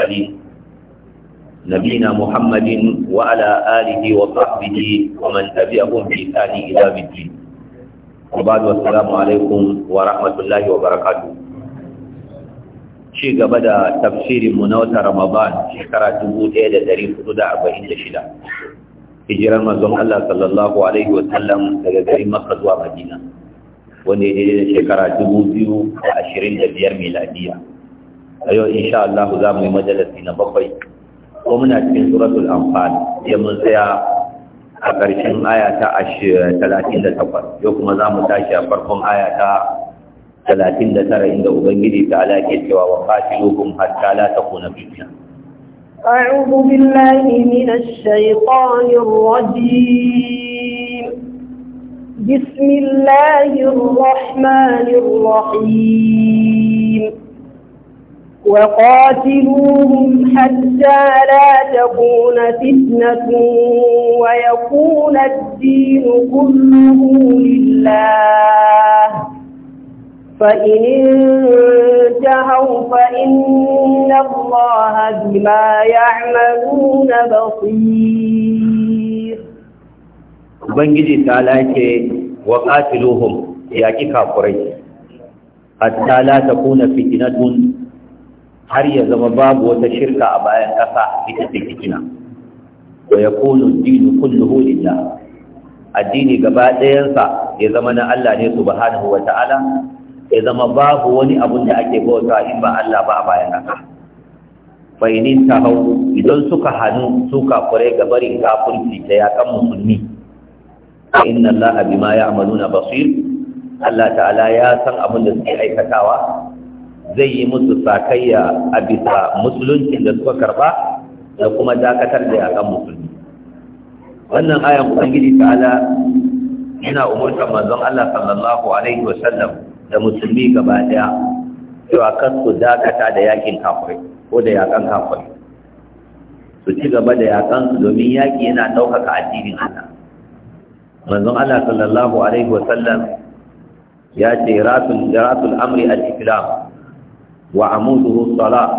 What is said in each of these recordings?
Ali Nabi na Muhammadin wa ala alihi wa sahbihi wa man tabi'ahum bi ihsani ila yawmiddin. Wabarakatuh assalamu alaikum wa rahmatullahi wa barakatuh. Ci gaba da tafsirin mu na watan Ramadan shekara 1446. Hijiran manzon Allah sallallahu alaihi wa sallam daga garin Makka zuwa Madina. Wanda ya daidai da shekara mai miladiya. a yau insha Allah za mu yi majalasi na bakwai ko muna cikin suratul anfal sai mun tsaya a ƙarshen aya ta 38 yau kuma za mu tashi a farkon aya ta 39 inda ubangiji ta ala ke cewa wa qatiluhum hatta la takuna fitna أعوذ بالله من الشيطان الرجيم بسم الله الرحمن الرحيم وقاتلوهم حتى لا تكون فتنة ويكون الدين كله لله فإن انتهوا فإن الله بما يعملون بصير Ubangiji ta lace wa ƙatiluhum yaƙi kafurai, hatta la ta kuna fitinatun har ya zama babu wata shirka a bayan ƙasa ita ce fitina wa yakunu dinu kulluhu lillah addini gaba ɗayansa ya zama na Allah ne subhanahu wa ta'ala ya zama babu wani abun da ake bauta in ba Allah ba a bayan ƙasa Fainin ta hau idan suka hannu su kafurai gabarin kafirci da yakan musulmi inna allaha bima ya'maluna basir Allah ta'ala ya san abin da suke aikatawa zai yi musu sakayya a bisa musuluncin da suka karba da kuma dakatar da yakan musulmi wannan ayan ubangiji ta'ala yana umurtar manzon Allah sallallahu alaihi wa sallam da musulmi gaba daya cewa kan su dakata da yakin kafir ko da yakan kafir su ci gaba da yakan su domin yaki yana ɗaukaka addinin Allah manzon Allah sallallahu alaihi wa sallam ya ce rasul amri al-islam وعموده الصلاة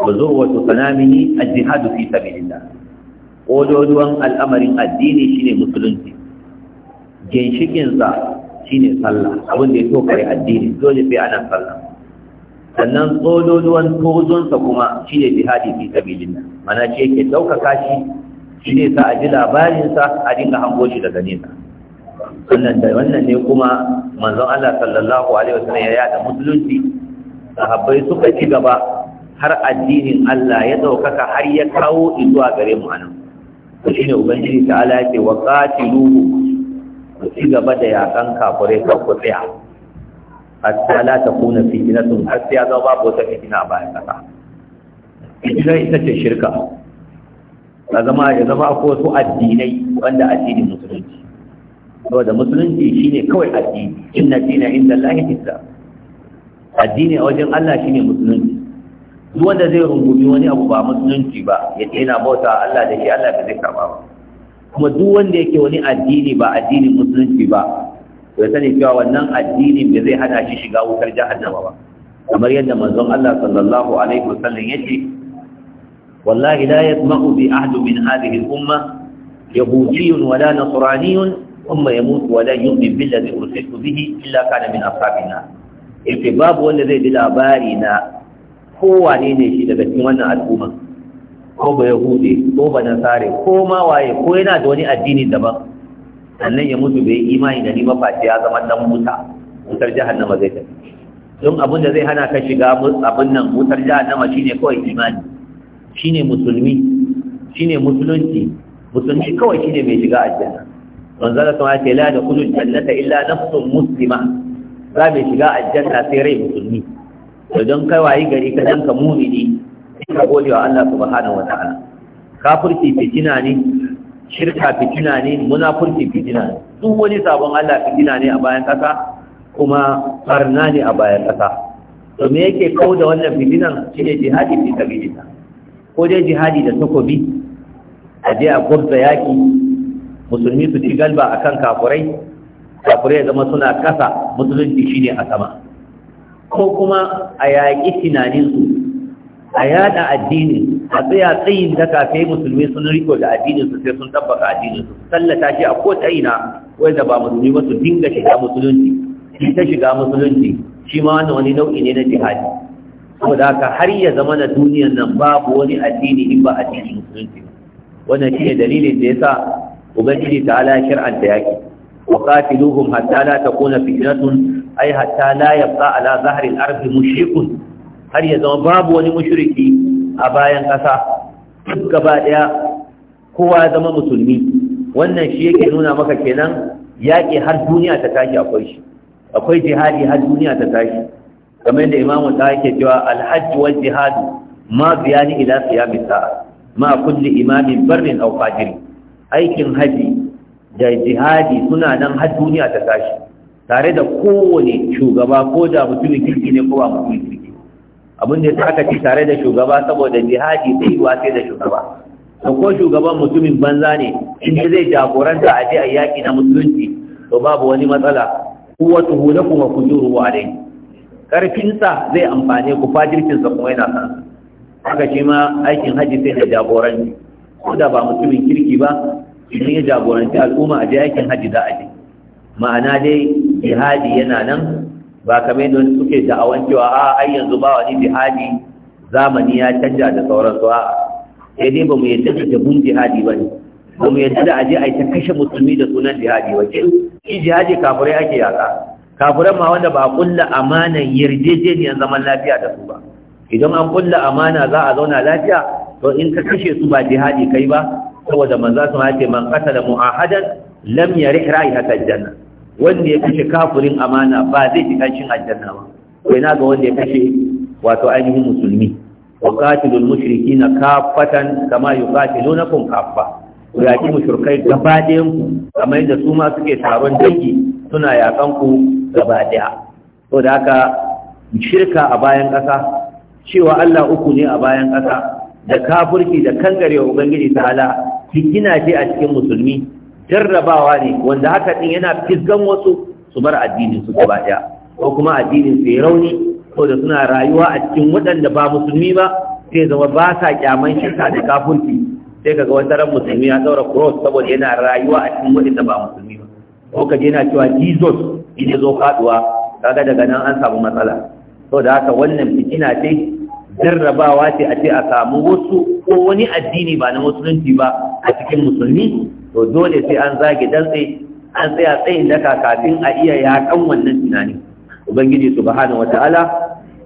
وذروة سنامه الجهاد في سبيل الله ƙololuwan al'amarin addini shine musulunci ginshikinsa shine sallah abin da ya tokare addini dole sai ana sallah sannan ƙololuwan tozonsa kuma shine jihadi fi sabilillah mana ce ke ɗaukaka shi shine sa a ji labarinsa a dinga hango shi daga nesa wannan wannan ne kuma manzon Allah sallallahu alaihi wasallam ya yada musulunci sahabbai suka ci gaba har addinin Allah ya ɗaukaka har ya kawo zuwa gare mu anan to shine ubangiji ta ala yake wa ku ci gaba da yakan kafirai ka ku tsaya hatta la takuna fitnatun har sai ya zama babu wata fitina ba bayan kasa ita ita ce shirka a zama ya zama ko su addinai wanda addinin musulunci saboda musulunci shine kawai addini inna dina inda Allah ya islam addini a wajen Allah shine musulunci duk wanda zai rungumi wani abu ba musulunci ba ya yana bauta Allah da shi Allah ba zai karba ba kuma duk wanda yake wani addini ba addinin musulunci ba ya sani cewa wannan addinin bai zai hana shi shiga wutar jahannama ba kamar yadda manzon Allah sallallahu alaihi wasallam yace wallahi la yasma'u bi ahad min hadhihi al-umma yahudiyyun wala nasraniyyun ثم يموت ولا يؤمن بالذي أرسلت به إلا illa من أصحاب النار yace babu wanda zai ji labari na kowane ne shi daga cikin wannan al'umma ko ba ya hude ko ba na sare ko ma waye ko yana da wani addini daban sannan ya mutu bai imani da ni ba face ya zama dan wuta wutar jahannama zai tafi don abin da zai hana ka shiga abin nan wutar jahannama shine kawai imani shine musulmi shine musulunci musulunci kawai shine mai shiga aljanna don zaka ya ce la da kullu jannata illa nafsun muslima za mai shiga aljanna sai rai musulmi to don kai wayi gari ka danka mumini sai ka gode wa Allah subhanahu wataala kafirci fitina ne shirka fitina ne munafurci fitina ne duk wani sabon Allah fitina ne a bayan kasa kuma farna ne a bayan kasa to me yake kau da wannan fitinan shine jihadi fi sabilillah ko dai jihadi da takobi a je a gurza yaki musulmi su ci galba akan kafurai kafirai zama suna kasa musulunci shine a sama ko kuma a yaƙi tunaninsu a yada addini a tsaya tsayin da kafe musulmi sun riko da addinin sai sun tabbaka addininsu. su sallata shi a ko ta ina wanda ba musulmi ba su dinga shiga musulunci shi ta shiga musulunci shi ma wannan wani nau'i ne na jihadi saboda haka har ya zama na duniyar nan babu wani addini in ba addinin musulunci wannan shi ne dalilin da yasa ubangiji ta ala shar'anta yaki وقاتلوهم حتى لا تكون فتنة أي حتى لا يبقى على ظهر الأرض مشرك هل يزم باب ولمشركي أبايا قصى كبائيا هو زم مسلمي wannan shi yake nuna maka kenan Yaki har duniya ta tashi akwai shi akwai jihadi har duniya ta tashi kamar yadda imamu ta yake cewa alhajj wal jihad ma biyani ila qiyamis sa'a ma kulli imamin barrin aw aikin haji da jihadi suna nan har duniya ta tashi tare da kowane shugaba ko da mutumin kirki ne ko ba mutumin kirki abin da ya aka ci tare da shugaba saboda jihadi sai yi sai da shugaba da ko shugaban mutumin banza ne in zai jagoranta a je a yaƙi na musulunci to babu wani matsala kuwatuhu lakum wa a alayhi karfinsa zai amfane ku sa kuma yana san haka shi ma aikin haji sai da jagoranci ko da ba mutumin kirki ba idan ya jagoranci al'umma a jayakin hajji za a je ma'ana dai jihadi yana nan ba kamar yadda suke da'awan cewa a ai yanzu ba wani jihadi zamani ya canja da sauran su a sai dai ba mu yadda da jabun jihadi ba ne ba mu yadda da a je a yi ta kashe musulmi da sunan jihadi ba ke shi jihadi kafurai ake yaka kafiran ma wanda ba a kulla amanan yarjejeniyar zaman lafiya da su ba idan an kulla amana za a zauna lafiya to in ka kashe su ba jihadi kai ba saboda manzo sun ce man qatala mu'ahadan lam rai ra'ihata janna. wanda ya kashe kafirin amana ba zai shiga cikin aljanna ba sai na ga wanda ya kashe wato ainihin musulmi wa qatilul mushrikina kaffatan kama yuqatilunakum kaffa ku yaki mushrikai gaba ɗayan ku kamar yadda su ma suke taron dangi suna yakan ku gaba ɗaya saboda haka shirka a bayan ƙasa cewa Allah uku ne a bayan kasa. da kafurki da kangarewa Ubangiji ta'ala fitina ce a cikin musulmi jarrabawa ne wanda haka din yana fisgan wasu su bar addinin su gaba daya ko kuma addinin su ya rauni ko da suna rayuwa a cikin waɗanda ba musulmi ba sai zama ba sa kyaman shirka da kafunci sai kaga wata ran musulmi ya daura cross saboda yana rayuwa a cikin waɗanda ba musulmi ba ko kaje yana cewa Jesus in zo faduwa kaga daga nan an samu matsala saboda haka wannan fitina ce jarrabawa ce a ce a samu wasu ko wani addini ba na musulunci ba a cikin musulmi to dole sai an zage dantse an tsaya tsayin daka kafin a iya yakan wannan tunani ubangiji subhanahu wataala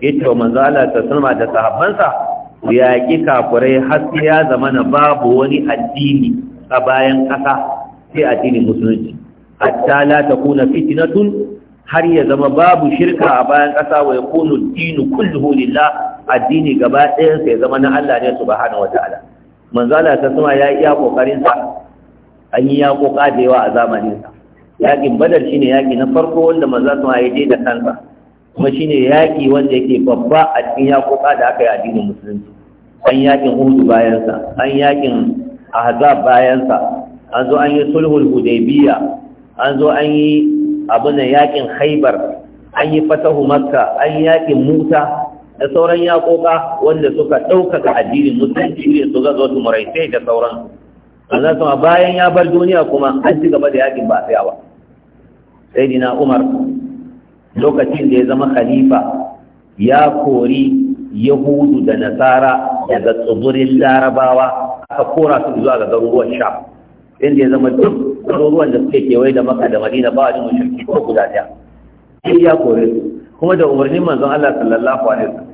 ya ce wa manzo Allah ta sanma da sahabbansa ya yaƙi kafurai har sai ya zama na babu wani addini a bayan kasa sai addinin musulunci hatta la takuna fitnatun har ya zama babu shirka a bayan ƙasa wa ya kunu dinu kulluhu lillah addini gaba ɗayan sa ya zama na Allah ne subhanahu wataala manzo Allah ta sama ya iya kokarin sa an yi ya koka da yawa a zamanin sa yakin badar shine yaki na farko wanda manzo sama ya je da kansa kuma shine yaki wanda yake babba a cikin koka da aka yi addinin musulunci an yakin Uhud bayan sa an yakin Ahzab bayan sa an zo an yi sulhul Hudaybiyya an zo an yi abu abin yakin haibar an yi fatahu makka an yakin muta da sauran yakoka wanda suka ɗaukaka addinin musulunci ne su zuwa wasu sai da sauran Allah sama bayan ya bar duniya kuma an ci gaba da yakin ba sai ba sai dina umar lokacin da ya zama khalifa ya kori yahudu da nasara daga tsibirin larabawa aka kora su zuwa ga garuruwan sha inda ya zama duk garuruwan da suke kewaye da maka da madina ba wani mushriki ko guda ɗaya sai ya kore su kuma da umarnin manzon Allah sallallahu alaihi wasallam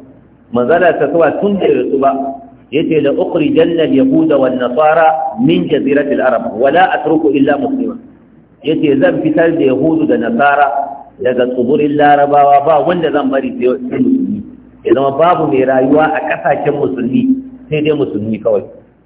manzon Allah ta kawa tun da su ba yace la ukhrijanna al-yahuda wan nasara min jaziratil arab wala atruku illa musliman yace zan fitar da yahudu da nasara daga tsibirin larabawa ba wanda zan bari sai musulmi ya zama babu mai rayuwa a kasashen musulmi sai dai musulmi kawai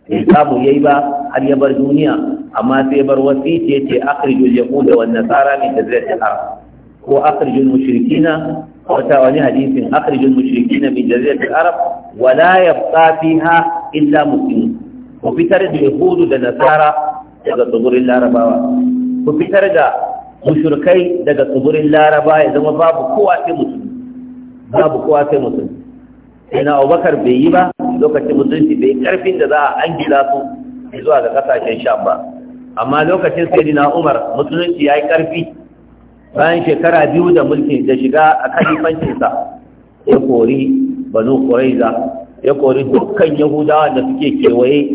bai samu yi ba har ya bar duniya amma sai bar wasi wasiti yace akhrijul yahuda wan nasara min zai arab ko akhrijul na? wata wani hadisin akhrijul mushrikina min zai arab Wala ya yabqa ha illa musulmi. ku fitar da yahudu da nasara daga tsibirin larabawa ku fitar da mushrikai daga tsibirin laraba ya zama babu kowa sai musulmi babu kowa sai musulmi sai na abubakar bai yi ba lokacin musulunci bai karfin da za a an gila su zuwa ga kasashen sham ba amma lokacin na umar musulunci ya yi karfi bayan shekara biyu da mulki da shiga a kalifancinsa ya kori banu ƙuraiza ya kori dukkan yahudawa da suke kewaye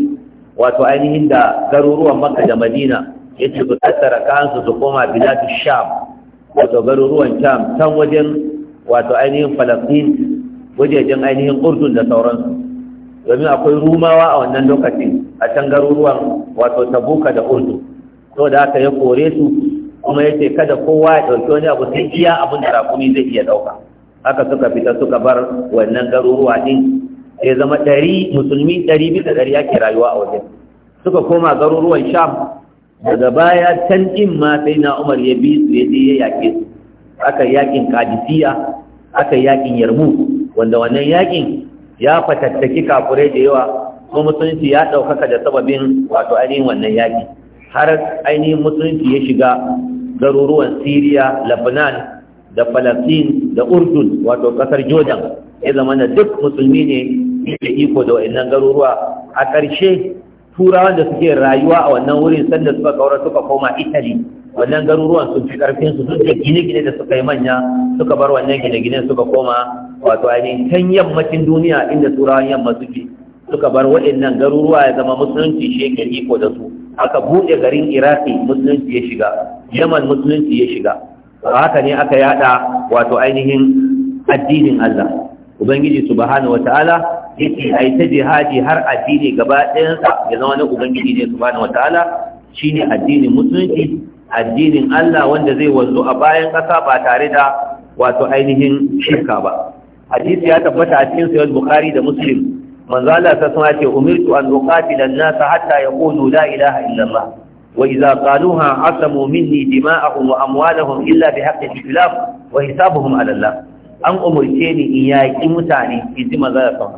wato ainihin da garuruwan makka da madina ya ce su tattara kansu su koma biladu sham wato garuruwan sham can wajen wato ainihin falastin wajejen ainihin urdun da sauransu domin akwai rumawa a wannan lokacin a can garuruwan wato tabuka da urdu so da aka ya kore su kuma ya ce kada kowa ya ɗauki wani abu sai iya abin da rakumi zai iya ɗauka haka suka fita suka bar wannan garuruwa ɗin ya zama ɗari musulmi ɗari bisa ɗari yake rayuwa a wajen suka koma garuruwan sham daga baya can ɗin ma sai na umar ya bi su ya je ya yaƙe su aka yaƙin kadisiya aka yaƙin yarmu wanda wannan yaƙin ya fatattaki kafurai da yawa kuma musulunci ya ɗaukaka da sababin wato ainihin wannan yaƙi har ainihin musulunci ya shiga garuruwan siriya lebanon da falastin da urdun wato ƙasar jordan ya zama da duk musulmi ne da iko da wa'annan garuruwa a ƙarshe turawan da suke rayuwa a wannan wurin sanda suka kaura suka koma italy wannan garuruwan sun fi karfin su duk da gine-gine da suka yi manya suka bar wannan gine-gine suka koma wato ainihin yammacin duniya inda turawan yamma suke suka bar waɗannan garuruwa ya zama musulunci shi ko da su aka buɗe garin iraki musulunci ya shiga yaman musulunci ya shiga haka ne aka yada wato ainihin addinin Allah ubangiji subhanahu wataala yake ai ta jihadi har addini gaba ɗayansa ya zama na ubangiji ne subhanahu wataala shine addinin musulunci addinin Allah wanda zai wanzu a bayan ƙasa ba tare da wato ainihin shirka ba hadisi ya tabbata a cikin sahih bukhari da muslim manzo Allah ta sama ce umirtu an uqatila an-nas hatta yaqulu la ilaha illa Allah wa idza qaluha asamu minni dima'ahum wa amwalahum illa bihaqqi al-islam wa hisabuhum 'ala Allah an umurce ni in yaki mutane inji manzo Allah sama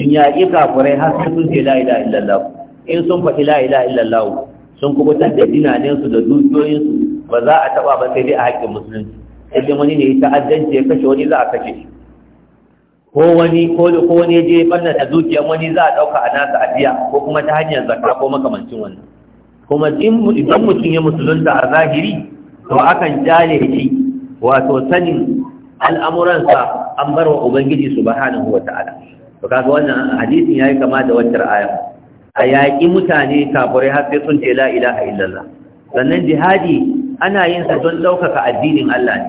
in yaki kafirai har sai sun ce la ilaha illa Allah in sun faɗi la ilaha illa Allah sun kubutar da dinaninsu da dukiyoyinsu ba za a taba ba sai dai a haƙƙin musulunci sai wani ne ya ta'addanci ya kashe wani za a kashe shi ko wani ko je barna da wani za a dauka a nasa ajiya ko kuma ta hanyar zakka ko makamancin wannan kuma idan mutum ya musulunta a zahiri to akan jale shi wato sanin al'amuransa an bar wa ubangiji subhanahu wata'ala to kaga wannan hadisin yayi kama da wancan aya a yaƙi mutane kafirai har sai sun ce la ilaha illallah sannan jihadi ana yin sa don ɗaukaka addinin Allah ne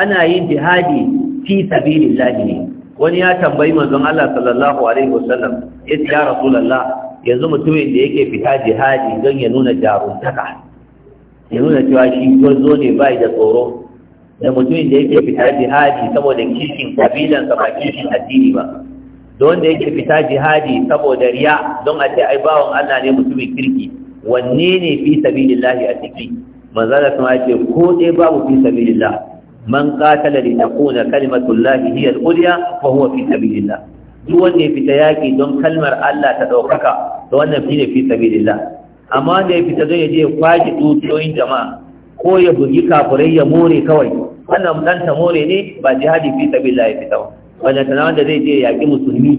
ana yin jihadi fi sabilillahi ne wani ya tambayi manzon Allah sallallahu alaihi wasallam ya ce ya rasulullah yanzu mutumin da yake fita jihadi don ya nuna jaruntaka ya nuna cewa shi gwarzo ne bai da tsoro da mutumin da yake fita jihadi saboda kishin kabilan sa ba kishin addini ba da wanda yake fita jihadi saboda riya don a ce ai Allah ne mutumin kirki wanne ne fi sabilillahi a ciki manzala kuma ya ce ko dai babu fi sabilillah man qatala li takuna kalimatullahi hiya al-ulya wa huwa fi sabilillah duk wanda ya fita yaki don kalmar Allah ta daukaka to wannan shine fi sabilillah amma da ya fita zai je kwaji dukiyoyin jama'a ko ya bugi kafurai ya more kawai wannan dan ta more ne ba jihadi fi sabilillah ya fita ba wannan tana wanda zai je yaki musulmi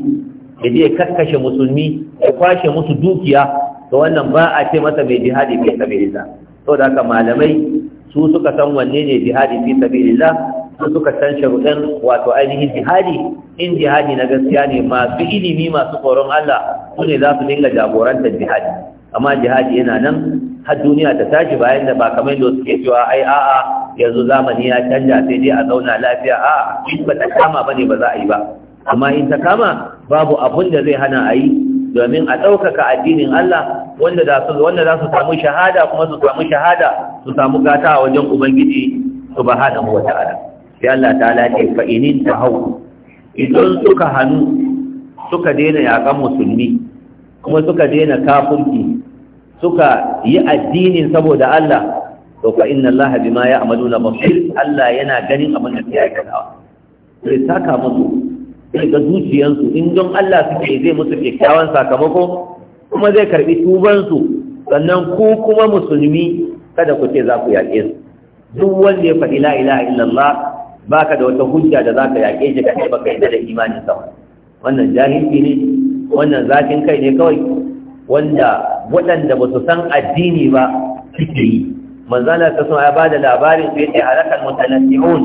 ya je kakkashe musulmi ya kwashe musu dukiya to wannan ba a ce masa mai jihadi fi sabilillah saboda haka malamai su suka san wanne ne jihadi fi sabilillah su suka san sharuɗan wato ainihin jihadi in jihadi na gaskiya ne masu ilimi masu tsoron Allah su ne za su dinga jagorantar jihadi amma jihadi yana nan har duniya ta tashi bayan da ba kamar da suke cewa ai a'a yanzu zamani ya canja sai dai a zauna lafiya a'a in ba ta kama bane ba za a yi ba amma in ta kama babu abun da zai hana a yi domin a ɗaukaka addinin Allah wanda da su wanda za su samu shahada kuma su samu shahada su samu gata a wajen ubangiji subhanahu wata'ala sai Allah ta'ala ce fa inin tahaw idan suka hanu suka daina yakan musulmi kuma suka daina kafirci suka yi addinin saboda Allah to fa inna Allah bima ya'maluna basir Allah yana ganin abin da suke aikatawa sai saka musu sai ga zuciyansu in don Allah suke zai musu kyakkyawan sakamako kuma zai karɓi tubansu sannan ku kuma musulmi kada ku ce za ku yaƙe su duk wanda ya faɗi la ilaha illallah baka da wata hujja da za ka yaƙe shi ka kai baka yi da imanin sama. wannan jahilci ne wannan zakin kai ne kawai wanda waɗanda ba su san addini ba suke yi manzana ta sun ya bada labarin su yace halakal mutanasihun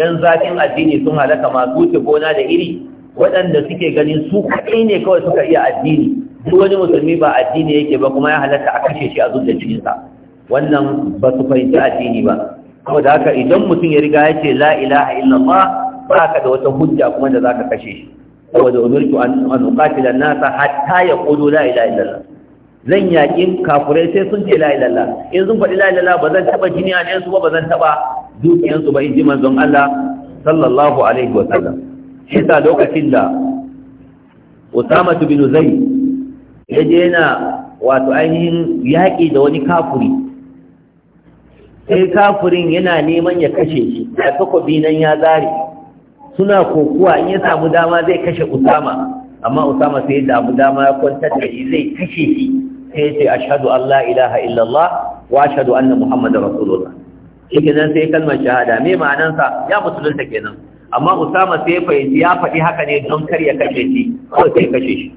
yan zafin addini sun halaka masu wuce gona da iri waɗanda suke ganin su kaɗai ne kawai suka iya addini duk wani musulmi ba addini yake ba kuma ya halatta a kashe shi a zuciyar cikinsa wannan ba su fahimci addini ba kuma haka idan mutum ya riga ya ce la ilaha illallah ba ka da wata hujja kuma da zaka kashe shi saboda umirtu an uqatila nasa hatta yaqulu la ilaha illallah zan yaƙi kafurai sai sun ce la ilallah in sun faɗi la ilallah ba zan taɓa jini a ɗayansu ba ba zan taɓa dukiyansu ba in ji manzon Allah sallallahu alaihi wa sallam shi sa lokacin da Usama bin Zayd ya je yana wato ainihin yaƙi da wani kafuri sai kafurin yana neman ya kashe shi a takobi nan ya zare suna kokuwa in ya samu dama zai kashe usama amma usama sai da abu dama ya kwantar da shi zai kashe shi sai ce ashhadu Allah la ilaha illallah wa shaɗu annan Muhammadu rasulullah nan sai kalmar shahada me ma'anansa ya musulunta kenan amma usama sai ya fahimci ya faɗi haka ne don kar ya kashe shi ko sai kashe shi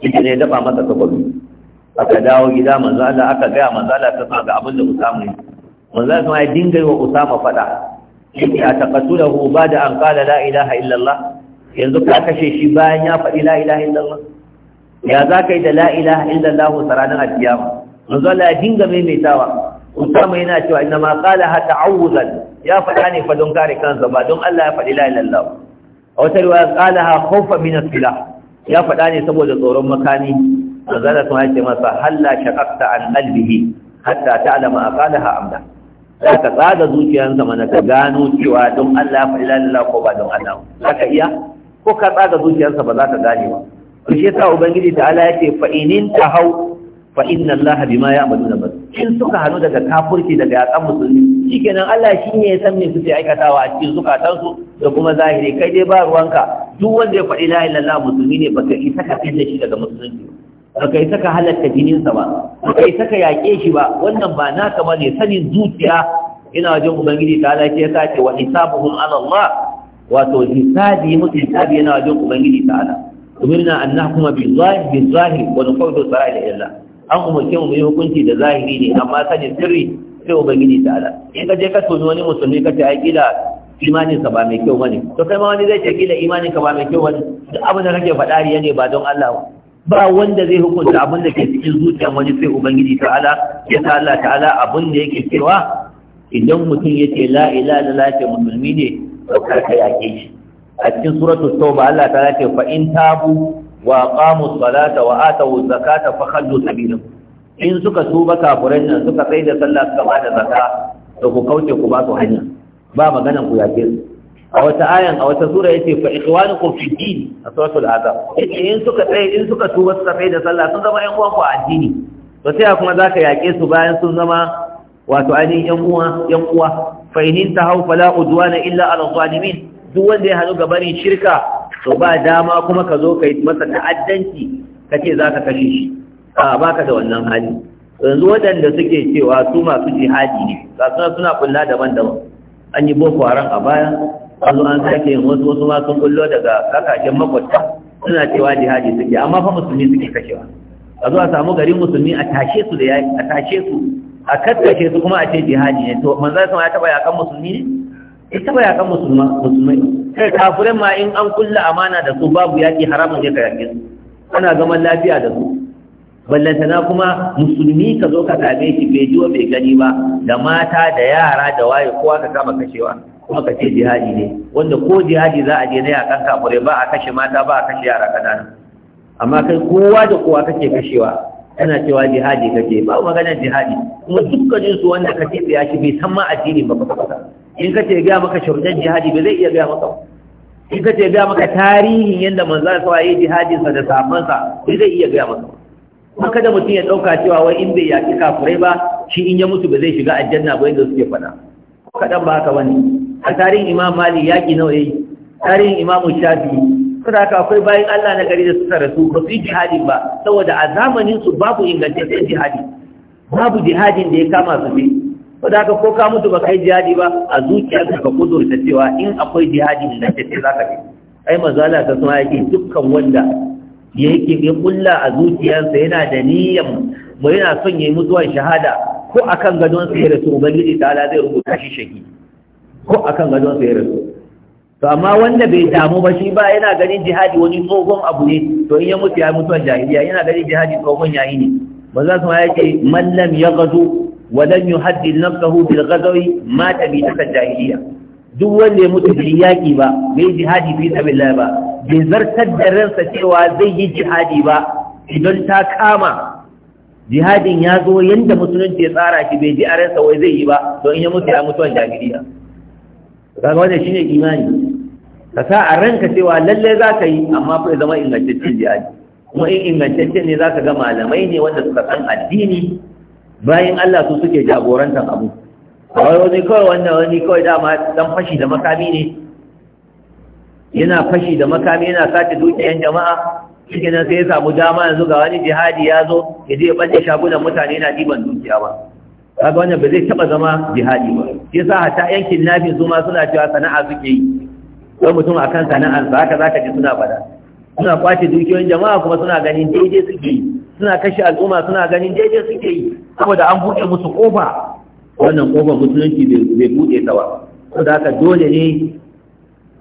inda ne dafa masa takwalo aka dawo gida manzo Allah aka gaya Manzala Allah sa ga abin da Usama ne Manzala Allah ya dinga yi wa Usama fada yake a taqatulahu da an qala la ilaha illallah yanzu ka kashe shi bayan ya faɗi la ilaha illallah ya za ka yi da la ilaha illallah saranin alkiyama manzo Manzala ya dinga maimaitawa Usama yana cewa inna ma qala ha ta'awuzan ya faɗa ne fa don kare kansa ba don Allah ya faɗi la ilaha a wata riwaya qala ha khawfa min as-silah ya faɗa ne saboda tsoron makami manzala sun haice masa halla shaqaqta an albihi, hatta ta alama a aqalaha amda za ka tsada zuciyarsa mana ka gano cewa don Allah fa ila illa ko ba don Allah za ka iya ko ka tsada zuciyarsa ba za ka gane ba to shi yasa ubangiji ta Ala yake fa inin hau, fa inna Allah bima ya'maluna basu. in suka hannu daga kafurki daga yakan musulmi kenan Allah shi ne ya san me suke aikatawa a cikin zukatansu da kuma zahiri kai dai ba ruwanka duk wanda ya faɗi la ilaha musulmi ne baka isa ka fidda shi daga Ba ka isa ka halatta sa ba ka isa ka yaƙe shi ba wannan ba naka ba ne sanin zuciya ina wajen ubangiji ta ala ya sace wa hisabuhum ala Allah wato hisabi mutum hisabi yana wajen ubangiji ta ala umirna an kuma bi zahir wa nufardu sara'i ila an umarce mu yi hukunci da zahiri ne amma sani sirri sai ubangiji ta ala in ka je ka tuni wani musulmi ka ce ai kila imanin ka ba mai kyau bane to kai ma wani zai ce kila imanin ka ba mai kyau bane duk abin da kake faɗa riya ne ba don Allah ba wanda zai hukunta abin da ke cikin zuciyar wani sai ubangiji ta ala ya ta Allah ta ala abin da yake cewa idan mutum ya ce la ilaha illallah ce musulmi ne to karka yake shi a cikin suratul tauba Allah ta ce fa in tabu wa aqamu salata wa atu zakata fa khallu sabilahum in suka tuba kafiran nan suka kai da sallah suka ba da zakka to ku kauce ku ba su hanya ba maganan ku yake a wata ayan a wata sura yace fa ikhwanukum fi din a suratul azab in suka tsaye in suka tuba suka kai da sallah sun zama ƴan uwan ku a addini to sai kuma zaka yake su bayan sun zama wato ainihin ƴan uwa ƴan uwa fa in tahaw fala udwana illa ala zalimin duk wanda ya hannu gabarin shirka to ba dama kuma ka zo ka yi masa ta'addanci ka ce za ka kashe shi a ka da wannan hali yanzu waɗanda suke cewa su masu jihadi ne ga suna suna kulla daban-daban an yi boko haram a baya an zo an sake yin wasu wasu masu kullo daga kakashin makwabta suna cewa jihadi suke amma fa musulmi suke kashewa a zo a samu garin musulmi a tashe su da a tashe su a kaskashe su kuma a ce jihadi ne to manzo sama ya taba yakan musulmi ne ita ba yaƙan musulmai kai kafirin ma in an kulla amana da su babu yaƙi haramun ne ka yaƙe su ana zaman lafiya da su ballantana kuma musulmi ka zo ka same shi bai ji wa bai gani ba da mata da yara da waye kowa ka kama kashewa kuma ka ce jihadi ne wanda ko jihadi za a je na yaƙan kafirai ba a kashe mata ba a kashe yara ƙanana amma kai kowa da kowa kake kashewa ana cewa jihadi kake ba magana jihadi kuma dukkanin su wanda kake tsaya shi bai san ma addini ba ba in ka ce gaya maka shirɗen jihadi ba zai iya gaya maka in ka ce gaya maka tarihin yadda manzan sawa ya yi jihadinsa da samansa ba zai iya gaya maka kuma kada mutum ya ɗauka cewa wai in bai yaƙi kafirai ba shi in ya mutu ba zai shiga aljanna ba yadda suke faɗa kaɗan ba haka wani a tarihin imam mali yaƙi nawa ya yi tarihin imamu shafi Kada haka akwai bayan allah na gari da suka rasu ba su yi jihadin ba saboda a zamanin su babu ingantaccen jihadi babu jihadin da ya kama su bi. da haka ko ka mutu ba kai jihadi ba a zuciyarka ka kudurta cewa in akwai jihadi da ce za ka bi ai mazala ta suna yake dukkan wanda ya yi ya kulla a zuciyarsa yana da niyyan mu yana son yi mutuwa shahada ko akan gadon sa ya rasu ubangiji ala zai rubuta shi shaki ko akan gadon sa ya rasu to amma wanda bai damu ba shi ba yana ganin jihadi wani tsohon abu ne to in ya mutu ya mutuwa jahiliya yana ganin jihadi tsohon yayi ne ma ya yake Mallam ya gazu. walan yuhaddid nafsahu bil ghadawi mata bi ta jahiliya duk wanda ya mutu bai yaƙi ba bai jihadi fi sabilillah ba bai zartar da ransa cewa zai yi jihadi ba idan ta kama jihadin ya zo yanda musulunci ya tsara shi bai ji a ransa wai zai yi ba to in ya mutu ya mutuwan jahiliya kaga wannan shine imani Kasa a ranka cewa lalle za ka yi amma fa zama ingantaccen jihadi kuma in ingantaccen ne za ka ga malamai ne wanda suka san addini bayan Allah su suke jagorantar abu a wani kawai wannan wani kawai dama dan fashi da makami ne yana fashi da makami yana sace dukiyan jama'a shi nan sai ya samu dama yanzu ga wani jihadi ya zo ya je ya shagunan mutane yana diban dukiya ba kaga wannan ba zai taba zama jihadi ba shi yasa hatta yankin nafi su ma suna cewa sana'a suke yi ko mutum akan sana'ar sa haka zaka ji suna fada suna kwace dukiyoyin jama'a kuma suna ganin daidai suke yi suna kashe al'umma suna ganin daidai suke yi saboda an buɗe musu ƙofa wannan ƙofar musulunci bai buɗe ta ba saboda haka dole ne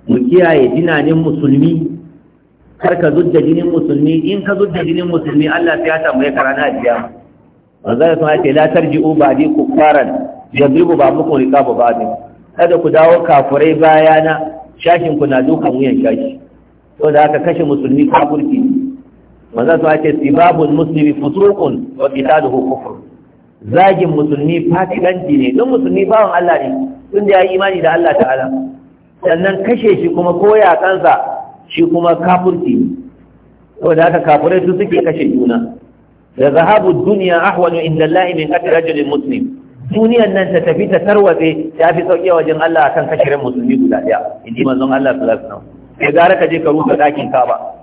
mu kiyaye dinanin musulmi kar ka zudda jinin musulmi in ka zudda jinin musulmi Allah ya tambaye ka ranar biya manzo ya ce la tarji'u ba'di kuffaran yadribu ba'dukum riqaba ba'din kada ku dawo kafurai bayana shashin ku na dukan wuyan shashi to da aka kashe musulmi kafurki manzo to ake sibabul muslimi fusuqun wa qitaluhu kufr zagin musulmi fasikanci ne don musulmi bawan Allah ne tun da ya yi imani da Allah ta'ala sannan kashe shi kuma koya ya kansa shi kuma kafurci ne saboda haka kafurai su suke kashe juna da zahabu duniya ahwanu inda Allah min qatl rajulin muslim duniyan nan ta tafi ta tarwatse ta fi sauki wajen Allah akan kashirin musulmi guda daya inji manzon Allah sallallahu alaihi wasallam sai gara ka je ka rufe dakin ba.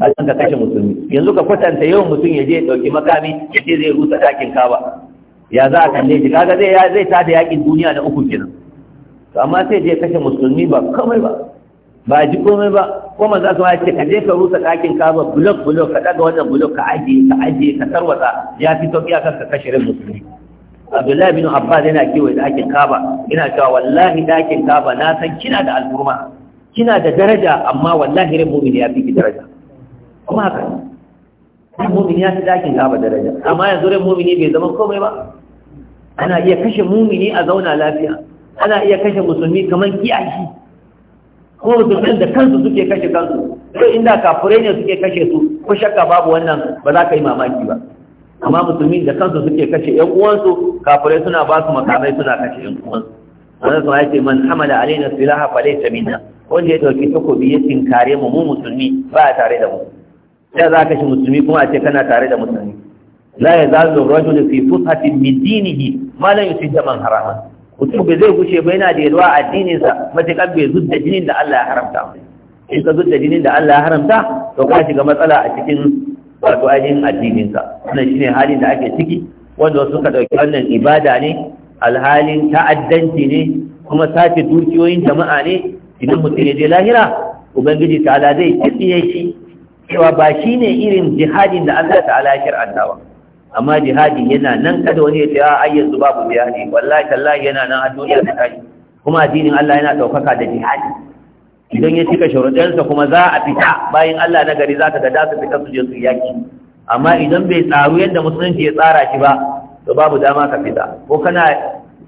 a ka kashe musulmi yanzu ka kwatanta yawan mutum ya je ɗauki makami ya ce zai rusa ɗakin kaba ya za a kalle shi kaga zai zai tada yakin duniya na uku kenan to amma sai je kashe musulmi ba komai ba ba ji komai ba ko manzo Allah ya ce ka je ka rusa dakin kaba bulok bulok ka daga wannan bulok ka aje ka aje ka tarwatsa ya fi sauki akan ka kashe ran musulmi Abdullahi bin Abbas yana kewaye ɗakin kaba ina cewa wallahi ɗakin kaba na san kina da al'umma kina da daraja amma wallahi ran mu'mini ya fi ki daraja kuma haka ran mumini ya fi dakin kaba daraja amma yanzu rai, mumini bai zama komai ba ana iya kashe mumini a zauna lafiya ana iya kashe musulmi kamar kiyashi ko musulmin da kansu suke kashe kansu ko inda kafure ne suke kashe su ko shakka babu wannan ba za ka yi mamaki ba amma musulmin da kansu suke kashe yan uwansu kafure suna ba su makamai suna kashe yan uwansu wannan sun haifi man hamala alaina silaha falaita minna wanda ya dauki takobi ya tinkare mu mu musulmi ba tare da mu sai za ka shi musulmi kuma a ce kana tare da musulmi la ya zazo rajul fi fushatin min dinihi ma la yusita man harama mutum bai zai gushe ba yana da yalwa addininsa sa matakan bai da jinin da Allah ya haramta mai in ka da jinin da Allah ya haramta to ka shiga matsala a cikin wato ainihin addinin sa wannan shine halin da ake ciki wanda wasu ka dauki wannan ibada ne alhalin ta'addanci ne kuma sace dukiyoyin jama'a ne idan mutum ya je lahira ubangiji ta'ala zai tsiye shi cewa ba shi ne irin jihadin da Allah ta'ala ya shir'anta amma jihadi yana nan kada wani ya tsaya a ah, yanzu babu jihadi wallahi tallahi yana nan a duniya ta kai kuma addinin Allah yana daukaka da jihadi idan ya cika sharuɗansa kuma za a fita bayan Allah na gari za ka ga da su fita su je su yaki amma idan bai tsaru yadda musulunci ya tsara shi ba to babu dama ka fita ko kana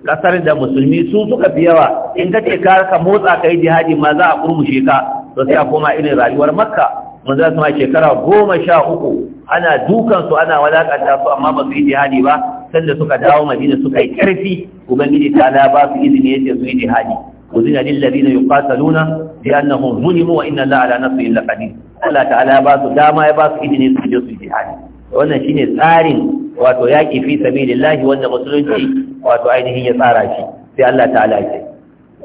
kasar da musulmi su suka fi yawa in ka ce ka motsa ka yi jihadi ma za a kurmushe ka to sai a koma irin rayuwar makka manzo sama shekara goma sha uku ana dukan su ana walakanta su amma ba su yi jihadi ba sanda suka dawo madina suka yi karfi ubangiji ta la ba su izini yace su yi jihadi udina lil ladina yuqataluna bi annahum zulimu wa inna allaha ala nasrihim laqadir Allah ta'ala ba su dama ba su izini su su yi jihadi wannan shine tsarin wato yaki fi sabilillahi wanda musulunci wato ainihin ya tsara shi sai Allah ta'ala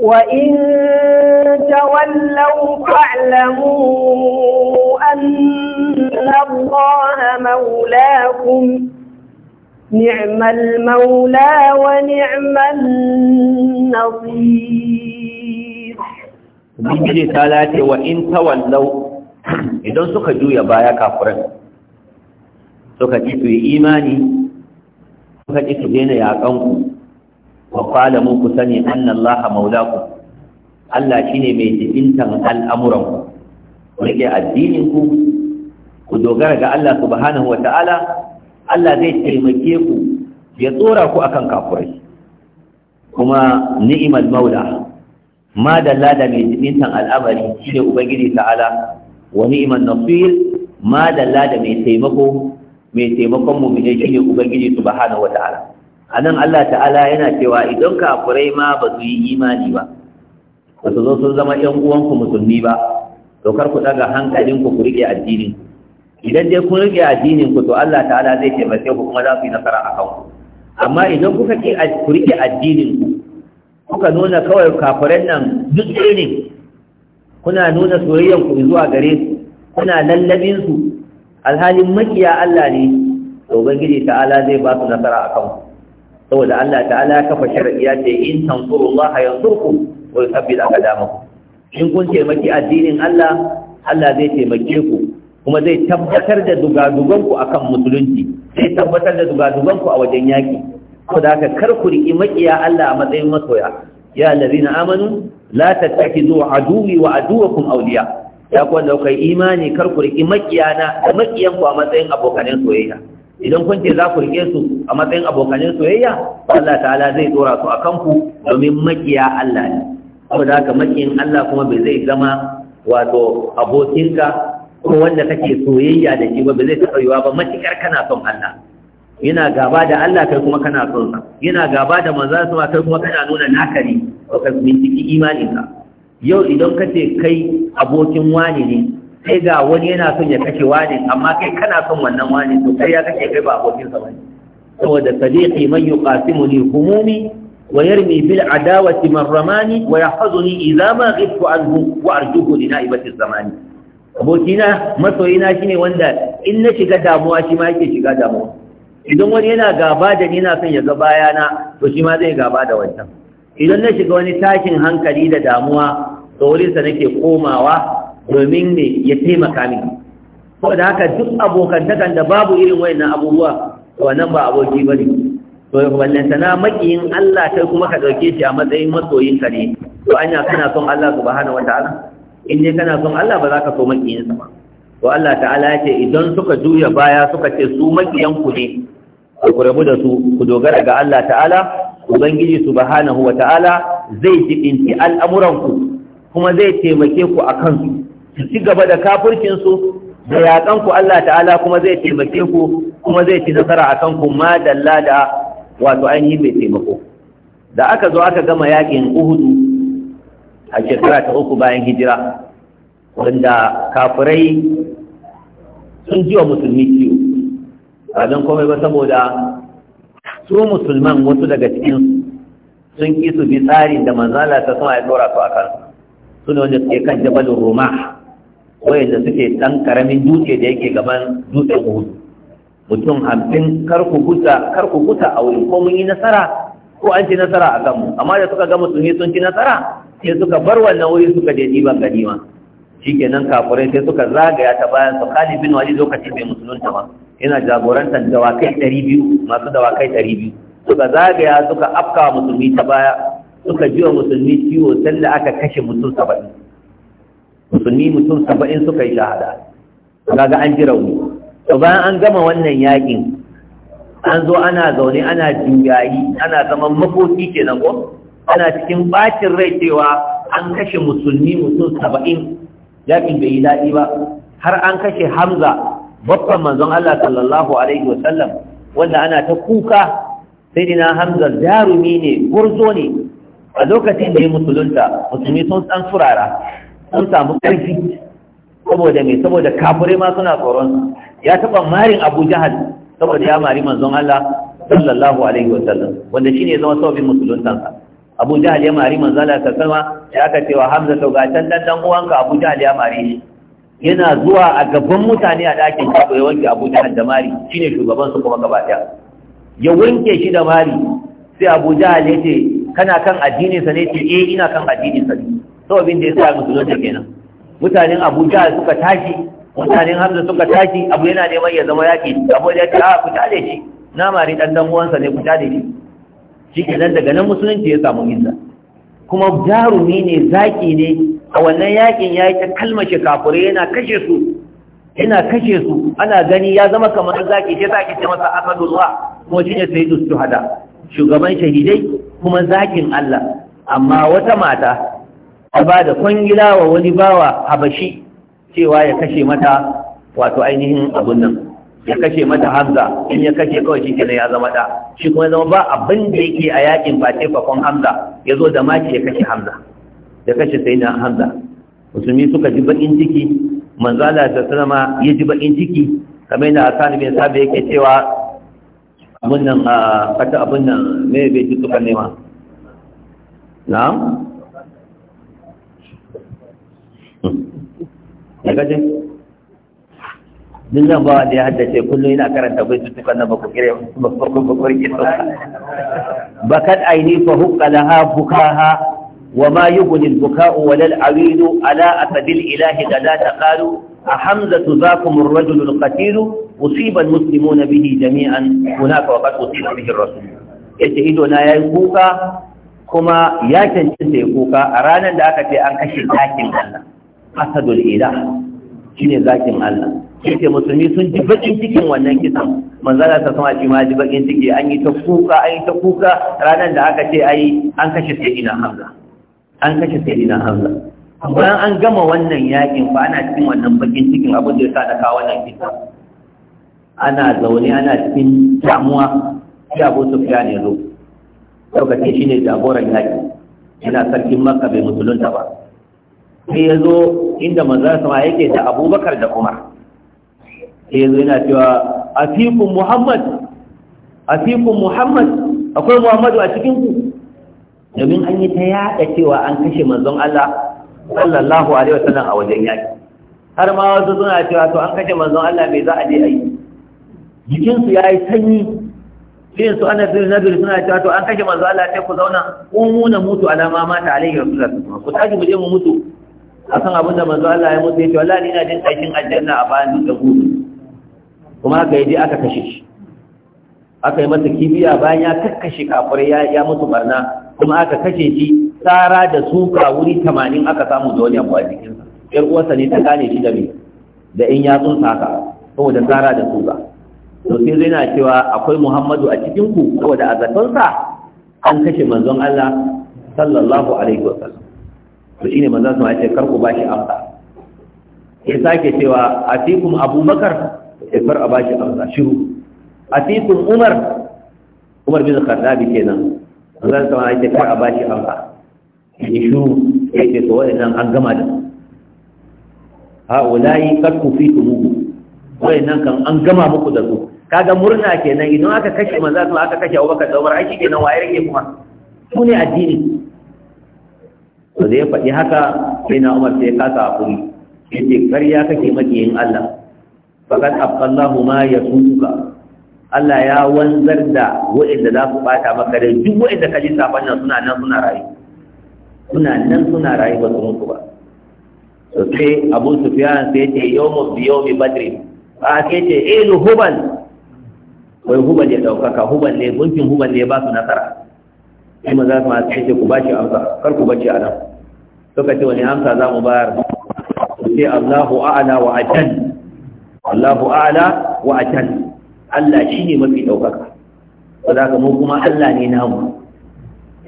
وإن تولوا فاعلموا أن الله مولاكم نعم المولى ونعم النصير Ubangiji ta lati wa in tawallau idan suka juya baya kafiran suka ci su yi imani suka ci su daina yaƙanku wa qala mu ku sani anna allaha maulakum allah shine mai jibintan al'amuran ku ku addinin ku ku dogara ga allah subhanahu wa ta'ala allah zai taimake ku ya tsora ku akan kafurai kuma ni'imal maula ma dalla da mai jibintan al'amari shine ubangiji ta'ala wa ni'iman nasir ma mai a nan Allah ta'ala yana cewa idan kafurai ma ba su yi imani ba ba su zo sun zama ‘yan uwanku musulmi ba to kar ku daga hankalin ku riƙe addinin idan dai kun riƙe addinin ku to Allah ta'ala zai taimake ku kuma za su yi nasara a kanku amma idan kuka ke ku riƙe addinin ku kuka nuna kawai kafuran nan duk ne kuna nuna soyayyar ku zuwa gare su kuna lallabin su alhalin makiya Allah ne to ubangiji ta'ala zai ba su nasara a kanku saboda Allah ta'ala ya kafa shari'a ya ce in tansurullaha yansurku wa yuthabbit aqdamakum in kun taimaki addinin Allah Allah zai taimake ku kuma zai tabbatar da dugadugan ku akan musulunci zai tabbatar da dugadugan ku a wajen yaki saboda haka kar ku riki makiya Allah a matsayin masoya ya allazina amanu la tattakizu aduwi wa aduwakum awliya ya kuwa da kai imani kar ku riki makiyana da a matsayin abokanin soyayya idan kun ce za ku rike su a matsayin abokanin soyayya Allah ta'ala zai tsora su a kanku domin makiya Allah ne Kuma da haka makiyin Allah kuma bai zai zama wato abokinka ko wanda kake soyayya da shi ba bai zai taɓa yiwa ba matuƙar kana son Allah yana gaba da Allah kai kuma kana son sa yana gaba da su ma kai kuma kana nuna naka ne ka binciki imaninka yau idan kace kai abokin wani ne sai ga wani yana son ya kashe wani amma kai kana son wannan wani to kai ya kake kai ba abokin sa bane saboda sadiqi man li humumi wa yarmi bil adawati marramani wa yahzuni idza ma ghibtu anhu wa arjuhu li naibati zamani abokina masoyina shine wanda in na shiga damuwa shi ma yake shiga damuwa idan wani yana gaba da ni na son ya ga bayana to shi ma zai gaba da wancan idan na shiga wani tashin hankali da damuwa to wurinsa nake komawa domin ne ya taimaka min da haka duk abokantakan da babu irin wayannan abubuwa wannan ba aboki ba ne to wallanta na makiyin Allah kai kuma ka dauke shi a matsayin masoyin ka ne to anya kana son Allah subhanahu wataala in dai kana son Allah ba za ka so makiyin sa ba to Allah ta'ala ya ce idan suka juya baya suka ce su makiyan ku ne ku rabu da su ku dogara ga Allah ta'ala ubangiji subhanahu wataala zai al'amuran al'amuranku kuma zai taimake ku a kansu Ku ci gaba da kafurkin su da yaƙan ku Allah ta'ala kuma zai taimake ku kuma zai ci nasara akan ku ma dalla da wato ainihi mai taimako da aka zo aka gama yaƙin uhudu a shekara ta uku bayan hijira wanda kafirai sun ji wa musulmi ciwo Abin komai ba saboda su musulman wasu daga cikin sun ƙi su bi tsarin da manzala ta sama ya ɗora su a kan su ne wanda suke kan jabalin roma wayanda suke dan karamin dutse da yake gaban dutsen uhud mutum hamsin kar ku karku a wuri ko mun yi nasara ko an ci nasara a kanmu amma da suka ga musulmi sun ci nasara sai suka bar wannan wuri suka je ɗiban ganima shikenan kafurai sai suka zagaya ta bayan su Khalid bin Walid lokacin bai musulunta ba yana jagorantar dawakai biyu masu dawakai biyu. suka zagaya suka afkawa musulmi ta baya suka jiwa musulmi ciwo sanda aka kashe mutum saba'in musulmi mutum saba'in suka yi shahada ga an ji rauni to bayan an gama wannan yakin an zo ana zaune ana juyayi ana zaman makoki kenan ko ana cikin bacin rai cewa an kashe musulmi mutum saba'in yakin bai yi daɗi ba har an kashe hamza babban manzon Allah sallallahu alaihi sallam. wanda ana ta kuka sai dina hamza jarumi ne gurzo ne a lokacin da ya musulunta musulmi sun san furara sun samu ƙarfi saboda mai saboda kafirai ma suna tsoron ya taɓa marin abu jahal saboda ya mari manzon Allah sallallahu alaihi wa sallam wanda shine zama sauƙin musuluntansa abu jahal ya mari manzon Allah sama, ya aka cewa hamza to ga dan dan uwanka abu jahal ya mari shi yana zuwa a gaban mutane a ɗakin kaba ya wanke abu jahal da mari shine shugaban su kuma gaba ɗaya ya wanke shi da mari sai abu jahal ya ce kana kan addininsa ne ce eh ina kan addininsa ne sababin da ya sa musulunta kenan mutanen abuja suka tashi mutanen hamza suka tashi abu yana neman ya zama yaƙi abu ya ce a ku tale shi na mari ɗan dan uwansa ne ku tale shi shi kenan daga nan musulunci ya samu yinsa kuma jarumi ne zaki ne a wannan yakin ya yi ta kalmashi kafure yana kashe su yana kashe su ana gani ya zama kamar zaki sai zaki ce masa asadullah kuma shi ne sayyidu shuhada shugaban shahidai kuma zakin Allah amma wata mata a ba da kwangila wa wani bawa habashi cewa ya kashe mata wato ainihin abun nan ya kashe mata hamza in ya kashe kawai shi kenan ya zama da shi kuma zama ba abin da yake a yakin ba ce fakon hamza ya zo da maki ya kashe hamza ya kashe sai na hamza musulmi suka ji bakin ciki manzala da sanama ya ji bakin ciki kamar yana asali bin sabi yake cewa abin nan a fata abin nan me bai ji suka nema na'am daga ce dinnan ba wanda ya haddace kullum ina karanta bai tutukan na baku kire bakwai bakat aini fa hukka laha bukaha wa ma yughni al-buka'u wala al-awidu ala asabil ilahi gada taqalu a hamzatu zakum ar-rajul al-qatil usiba al-muslimuna bihi jami'an hunaka wa qad usiba bihi ar-rasul yace ido na yayi kuka kuma ya cancanta ya kuka a ranar da aka ce an kashe dakin Allah asadul ilah shine zakin Allah yake musulmi sun ji bakin cikin wannan kisan manzo Allah sallallahu shi ma ji bakin ciki an yi ta kuka an yi ta kuka ranar da aka ce ai an kashe sayyidina Hamza an kashe sayyidina Hamza bayan an gama wannan yakin ba ana cikin wannan bakin cikin abin da ya sa da kawo wannan kisa ana zaune ana cikin damuwa sai abu sufiya ne zo lokacin shi ne jagoran yaki yana sarkin makka bai musulunta ba sai ya zo inda manzan sama yake da abubakar da umar sai ya zo yana cewa afikun muhammad afikun muhammad akwai muhammadu a cikinku domin an yi ta yaɗa cewa an kashe manzon Allah sallallahu alaihi wasallam a wajen yaki har ma wasu suna cewa to an kashe manzon Allah me za a je a yi jikinsu ya yi sanyi sai su ana bin nadir suna cewa to an kashe manzo Allah sai ku zauna ko muna mutu alama mata alaihi wasallam ku tashi mu je mu mutu akan abin da manzo Allah ya mutu ya ce wallahi ina jin aikin aljanna a bayan da gudu kuma ga yaje aka kashe shi aka yi masa kibiya bayan ya kakkashe kafir ya ya mutu barna kuma aka kashe shi tsara da suka wuri 80 aka samu da wani abu a jikinsa yar uwarsa ne ta gane shi da me da in ya tsunta ka saboda tsara da suka to sai zai na cewa akwai Muhammadu a cikin ku saboda azatansa an kashe manzon Allah sallallahu alaihi wasallam to shine manzon sun ce kar ku bashi amsa ya sake cewa atikum abubakar ya far a bashi amsa shiru atikum umar umar bin khattab kenan manzon sun ce kar a bashi amsa shi shiru ya ce to wannan an gama da ha'ulai kad kufitumuhu nan kan an gama muku da su kaga murna kenan idan aka kashe manzo aka kashe Abubakar da Umar ai kenan waye rage kuma ku ne addini to zai faɗi haka sai na umar sai kasa hakuri yace karya kake makiyin Allah faqad afallahu ma ya yasuka Allah ya wanzar da wa'inda za su bata maka da duk wa'inda ka ji safan nan suna nan suna rayu suna nan suna rayu ba su mutu ba to sai Abu Sufyan sai ce yawmu bi yawmi badri ba sai ce ilu eh, hubal wai hubal ya daukaka hubal ne gunkin hubal ne ba su nasara sai maza su masu ake ku bashi amsa kar ku bace a nan suka ce wani amsa za mu bayar ce Allahu a'ala wa ajal Allahu a'ala wa ajal Allah ne mafi ɗaukaka. za ka mu kuma Allah ne namu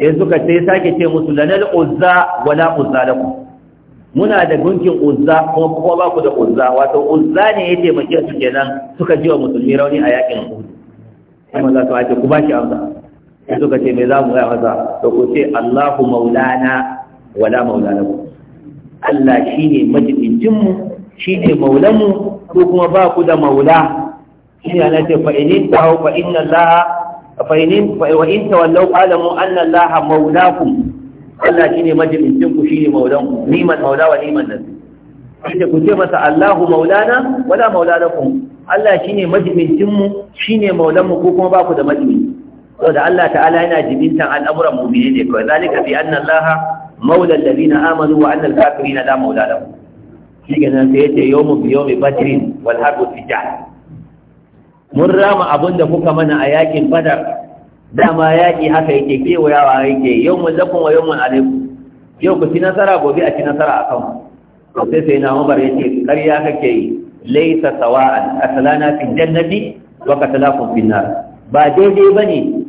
in suka sai sake ce musu lanal uzza wala uzza lakum muna da gunkin uzza kuma kuma ba ku da uzza wato uzza ne ya taimake su kenan suka ji wa musulmi rauni a yakin uhud sai maza su ake ku ba shi amsa sai suka ce me za mu gaya masa Da ku ce Allahu maulana wala maulana ku Allah shine majidincin mu shi ne mu ko kuma ba ku da maula shine Allah ce fa in ta fa inna Allah fa in fa wa in tawallu alamu anna Allah maulakum Allah shine majidincin ku shine maulan ku niman maula wa niman nasir inda ku ce masa Allahu maulana wala maulana ku Allah shine majidincin mu shi ne mu ko kuma ba ku da majidincin so da Allah ta'ala yana jibintan al'amuran mu'mini ne kawai zalika bi anna Allah maula alladhina amanu wa anna al-kafirina la maula lahum shi ga nan sai yace yawmu bi yawmi badrin wal harbu tijah mun rama abinda kuka mana a yakin badar dama yaki haka yake kewayawa yake yawmun lakum wa yawmun alaykum yau ku ci nasara gobe a ci nasara a kan sai sai na umar ya ce ƙarya kake yi laisa sawa'an katalana fi jannati wa katalakum fi nar ba daidai bane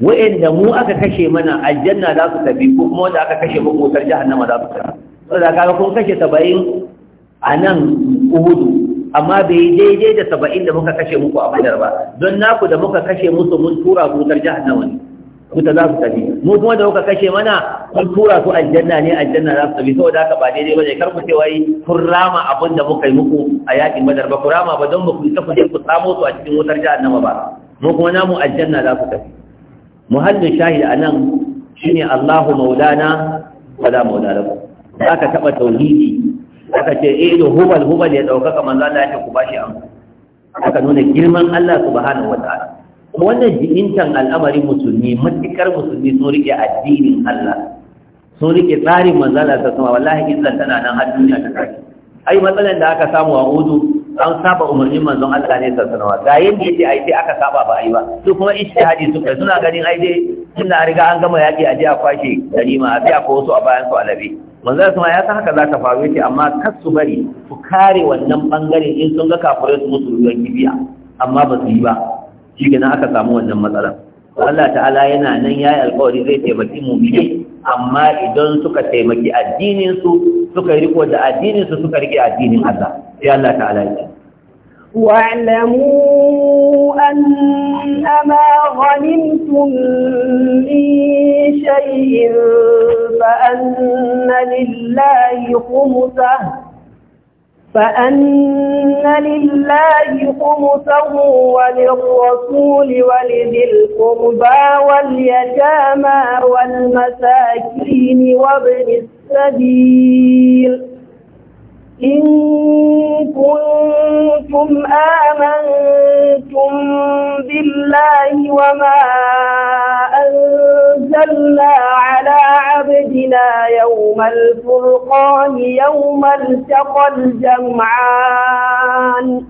wa'anda mu aka kashe mana aljanna za su tafi ko kuma wanda aka kashe mu motar jahannama za su tafi ka ga kun kashe saba'in a nan uhudu amma bai daidai da saba'in da muka kashe muku a badar ba don naku da muka kashe musu mun tura motar jahannama ne wuta za su tafi mu kuma da muka kashe mana kun tura su aljanna ne aljanna za su tafi saboda haka ba daidai ba ne kar ku ce wai kun rama abin da muka yi muku a yakin badar ba ku rama ba don ba ku yi ta kuje ku samo su a cikin wutar jahannama ba mu kuma namu aljanna za su tafi muhallin shahid a nan ne Allahu maulana wala maulana za ka taɓa tauhidi aka ce eh da hubal hubal ya ɗaukaka manzo Allah ya ce ku bashi an aka nuna girman Allah subhanahu wataala wannan jimintan al'amarin musulmi matuƙar musulmi sun riƙe addinin Allah sun riƙe tsarin manzala Allah ta sama wallahi izzan tana nan har duniya ta kai ai matsalar da aka samu a Udu an saba umarnin manzon Allah ne sassanawa ga yanda yake ai sai aka saba ba ai ba su kuma ijtihadi kai suna ganin ai dai tunda an riga an gama yaki a jiya a kwashe ganima a sai ko wasu a bayan su alabe manzon sama ya san haka za ta faru yace amma kar su bari su kare wannan bangaren in sun ga kafirai su musu ruwan kibiya amma ba su yi ba shi aka samu wannan matsalar Allah ta'ala yana nan ya yi alkawari zai taimaki mummine amma idan suka taimaki addininsu suka riko da addininsu suka rike addinin Allah sai Allah ta'ala ya واعلموا أنما غنمتم من شيء فأن lillahi خمسه فأن لله خمسه وللرسول ولذي القربى واليتامى والمساكين وابن السبيل إن كنتم آمنتم بالله وما أنزلنا على عبدنا يوم الفرقان يوم التقى الجمعان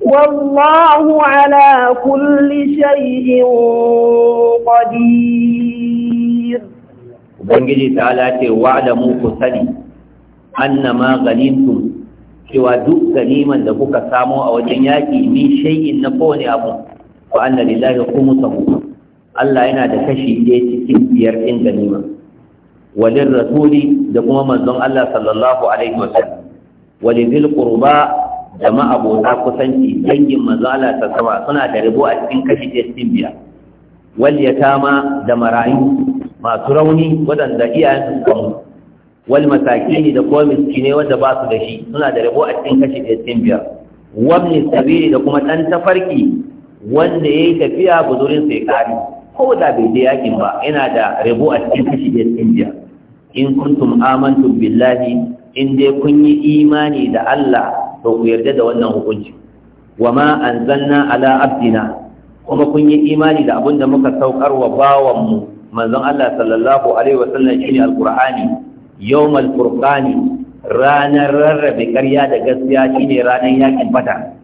والله على كل شيء قدير. Ubangiji تعالى ce, Wa'ada mu annama ghalintum cewa duk ganiman da kuka samo a wajen yaƙi min shay'in na kowane abu fa anna lillahi khumsahu Allah yana da kashi ɗaya cikin biyar ɗin ganima walin rasuli da kuma manzon Allah sallallahu alaihi wasallam walidil qurba da ma'abota kusanci dangin manzon Allah ta sama suna da rabo a cikin kashi ɗaya cikin biyar wal yatama da marayu masu rauni waɗanda iyayen su wal masakini da kuma miskine wanda ba su da shi suna da rabo a cikin kashi ɗaya cikin biyar wabni sabili da kuma ɗan tafarki wanda ya yi tafiya buzurin sai ƙari ko da bai da yakin ba yana da rabo a cikin kashi ɗaya cikin biyar in kuntum amantum billahi in dai kun yi imani da Allah to ku yarda da wannan hukunci wa ma anzalna ala abdina kuma kun yi imani da abin da muka saukar wa bawanmu manzon Allah sallallahu alaihi wasallam shine alqur'ani yawmal furqani ranar rarrabe karya da gaskiya shine ranar yakin badar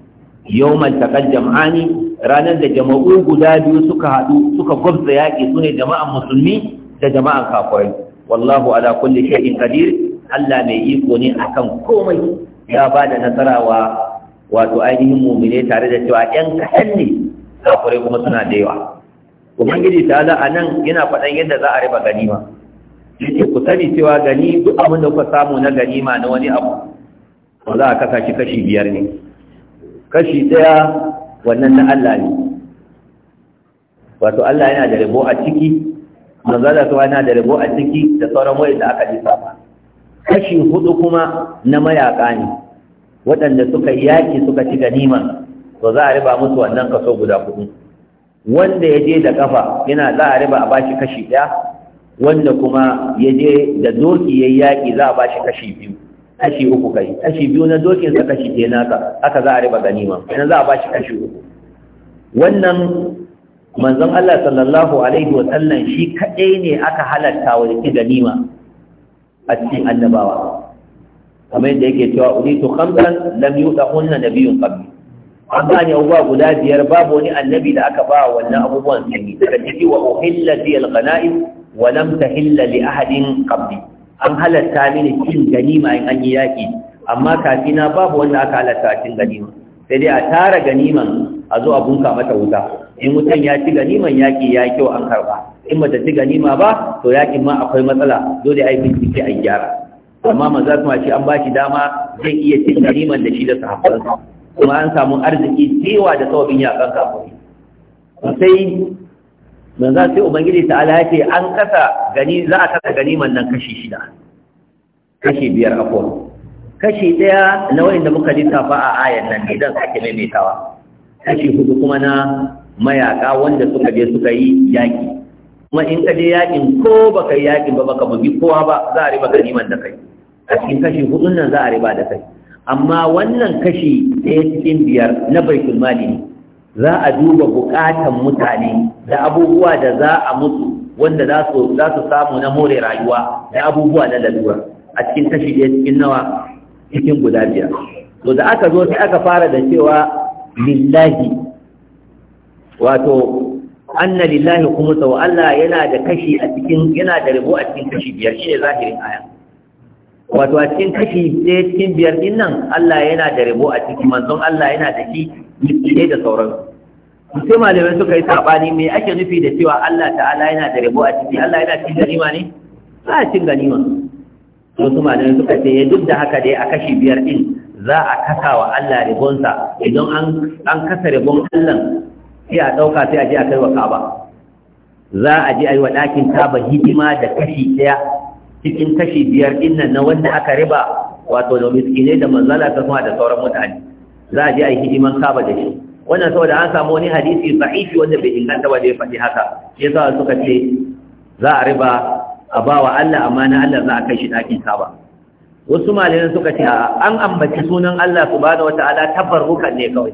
yawmal taqal jam'ani ranar da jama'u guda biyu suka haɗu suka gwabza yaƙi sune jama'an musulmi da jama'an kafirai wallahu ala kulli shay'in qadir Allah mai iko ne akan komai ya bada nasara wa wato ainihin mu'mine tare da cewa ƴan kaɗan ne kafirai kuma suna da yawa ubangiji ta a nan yana faɗan yadda za a riba ganima yake ku sani cewa gani duk abin da ku samu na ganima na wani abu ba za a kasa shi kashi biyar ne kashi ɗaya wannan na Allah ne wato Allah yana da rabo a ciki manzala su yana da rabo a ciki da sauran wayar da aka ba kashi hudu kuma na mayaka ne waɗanda suka yaƙi suka ci ganima to za a riba musu wannan kaso guda hudu wanda ya je da kafa yana za a riba a bashi kashi ɗaya wanda kuma ya je da doki ya yaƙi za a ba shi kashi biyu kashi uku kai kashi biyu na dokinsa kashi ke naka haka za a riba ganima idan za a ba shi kashi uku wannan manzon Allah sallallahu alaihi wa shi kadai ne aka halatta wa yake ganima a cikin annabawa kamar yadda yake cewa ulitu khamsan lam yudahunna nabiyyun qabli an bani abubuwa guda biyar babu wani annabi da aka ba wannan abubuwan sai daga ciki wa uhillati al-ghanaim wa lam tahilla li ahadin qabli an halatta mini cin ganima in an yi yaki amma kafina babu wanda aka halatta cin ganima sai dai a tara ganiman a zo a bunka mata wuta in wutan ya ci ganiman yaki ya kyau an karba in bata ci ganima ba to yakin ma akwai matsala dole ai bincike a gyara amma maza ma shi an ba shi dama zai iya cin ganiman da shi da sahabbansa kuma an samu arziki cewa da sababin yakan kafin sai manzo sai ubangiji ta'ala yake an kasa gani za a kasa ganiman nan kashi shida kashi biyar akwai kashi daya na wanda muka littafa a ayan nan ne dan sake maimaitawa kashi hudu kuma na mayaka wanda suka je suka yi yaƙi, kuma in ka je yaƙin ko baka yi yakin ba baka bugi kowa ba za a riba ganiman da kai a cikin kashi hudun nan za a riba da kai amma wannan kashi ɗaya cikin biyar na baitul mali ne za a duba bukatan mutane da abubuwa da za a mutu wanda za su samu na more rayuwa da abubuwa na lalura a cikin tashi da cikin nawa cikin guda biyar to da aka zo sai aka fara da cewa lillahi wato anna lillahi kuma sau Allah yana da kashi a cikin yana da rabo a cikin kashi biyar shi ne zahirin aya wato a cikin kashi ɗaya cikin biyar din nan Allah yana da rabo a cikin manzon Allah yana da shi miskinai da su. sai malamai suka yi saɓani me ake nufi da cewa Allah ta'ala yana da rabo a ciki Allah yana cin ganima ne ba a cin ganima wasu malamai suka ce eh, duk da haka dai a kashi biyar din za a kasa wa Allah ribonsa idan an kasa ribon Allah sai a ɗauka sai a je a kai wa Ka'aba za a je a yi wa ɗakin kaba hidima da kashi ɗaya cikin kashi biyar ɗin nan na wanda aka riba wato da miskinai da manzala ta da sauran mutane za a je a yi hidiman saba da shi wannan saboda an samu wani hadisi da'ifi wanda bai inganta ba da ya faɗi haka shi yasa suka ce za a riba a Allah amma na Allah za a kai shi ɗakin saba. wasu malamai suka ce an ambaci sunan Allah subhanahu wataala tabarrukan ne kawai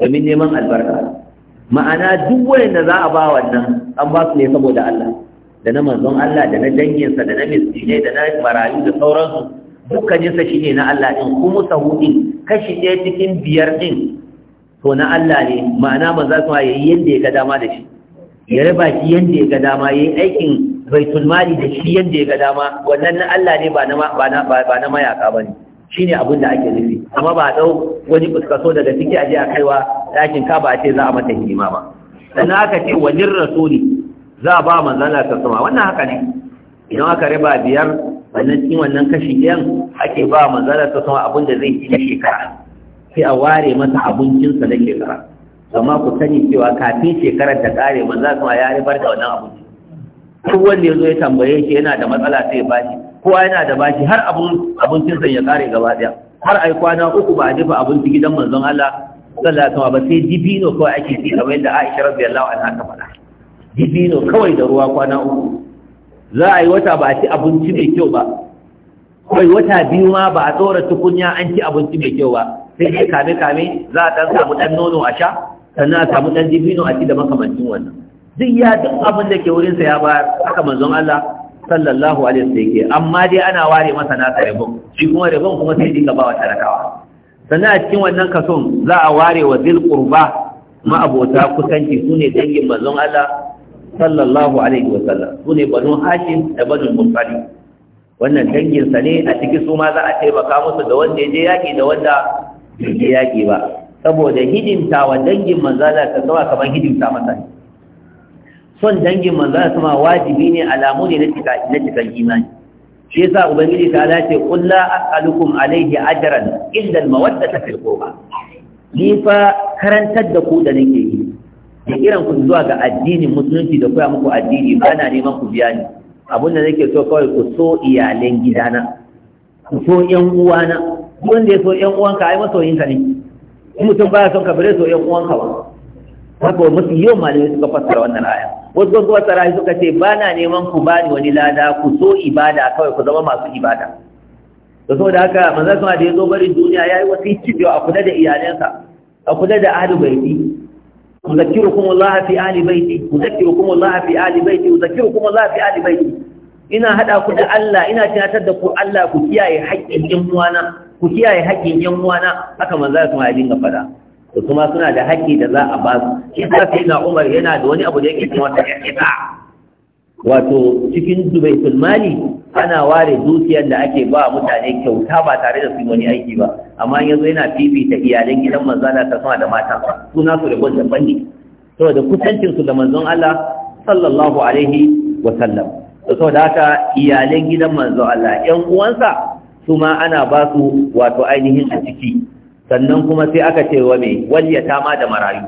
domin neman albarka ma'ana duk wanda za a ba wannan an ba su ne saboda Allah da na manzon Allah da na danginsa da na miskinai da na marayu da sauransu dukkaninsa shi ne na Allah ɗin kuma sahudin kashi ɗaya cikin biyar ɗin to na Allah ne ma'ana su ma yayi yanda ya ga dama da shi ya raba shi yanda ya ga dama yayi aikin baitul mali da shi yanda ya ga dama wannan na Allah ne ba na ba na ba na mayaka bane shine abin da ake nufi amma ba dau wani fuskaso daga ciki aje a kaiwa dakin ka ba ce za a mata hidima ba dan aka ce walin rasuli za a ba manzon Allah ta sama wannan haka ne idan aka riba biyar wannan cikin wannan kashi ɗayan ake ba wa manzala ta sama abin da zai ci na shekara sai a ware masa abincinsa na shekara amma ku sani cewa kafin shekarar ta ƙare manzala sama ya ribar da wannan abinci duk wanda ya zo ya tambaye shi yana da matsala sai ya bashi kowa yana da bashi har abincinsa ya ƙare gaba ɗaya har ai kwana uku ba a jefa abinci gidan manzon Allah sallallahu alaihi ba sai dibino kawai ake ci kamar yadda Aisha radiyallahu anha ta faɗa dibino kawai da ruwa kwana uku za a yi wata ba a ci abinci mai kyau ba kai wata biyu ma ba a tsora tukunya an ci abinci mai kyau ba sai dai kame kame za a dan samu dan nono a sha sannan a samu dan dibino a ci da makamancin wannan duk ya duk abin da ke wurin sa ya ba haka manzon Allah sallallahu alaihi wasallam yake amma dai ana ware masa na rabon shi kuma rabon kuma sai dinga ba wa talakawa sannan a cikin wannan kason za a ware wa zil qurba abota kusanci sune dangin manzon Allah sallallahu alaihi wa sallam Sune ne banu hashim da banu musali wannan danginsa ne a cikin su ma za a taimaka musu da wanda ya je yaƙi da wanda ya je yaƙi ba saboda hidimta wa dangin manzala ta sama kamar hidimta masa ne son dangin manzala sama wajibi ne alamu ne na cikin imani shi yasa ubangiji ta ce qul la as'alukum alayhi ajran illa al-mawaddata fil qurba ni fa karantar da ku da nake yi da kiran ku zuwa ga addinin musulunci da koya muku addini ba na neman ku biya ni abin da nake so kawai ku so iyalan gidana ku so yan uwana wanda ya so yan uwanka ai masoyinka ne mutum baya son ka bare so yan uwanka ba haka wa mafi yawan malamai suka fassara wannan aya wasu wasu rayu suka ce ba na neman ku ba ni wani lada ku so ibada kawai ku zama masu ibada da saboda haka manzo sama da ya zo barin duniya ya yi wasu cibiyo a kula da iyalensa a kula da ahlul أذكركم الله في آل بيتي أذكركم الله في آل بيتي أذكركم الله في آل بيتي ina haɗa ku da Allah ina tunatar da ku Allah ku kiyaye haƙƙin ƴan uwana ku kiyaye haƙƙin ƴan uwana haka manzo kuma ya dinga fada to kuma suna da haƙƙi da za a ba Umar yana da wani abu da yake ta wato cikin zubaitul mali ana ware dukiyar da ake ba mutane kyauta ba tare da su wani aiki ba amma yanzu yana fifita iyalan gidan Allah ta sama da mata suna su da daban ne saboda kutancin su da manzon Allah sallallahu alaihi wa sallam saboda haka iyalan gidan manzon Allah 'yan uwansa su ma ana ba su wato ainihin a ciki sannan kuma sai aka ce wa me waliyata ma da marayu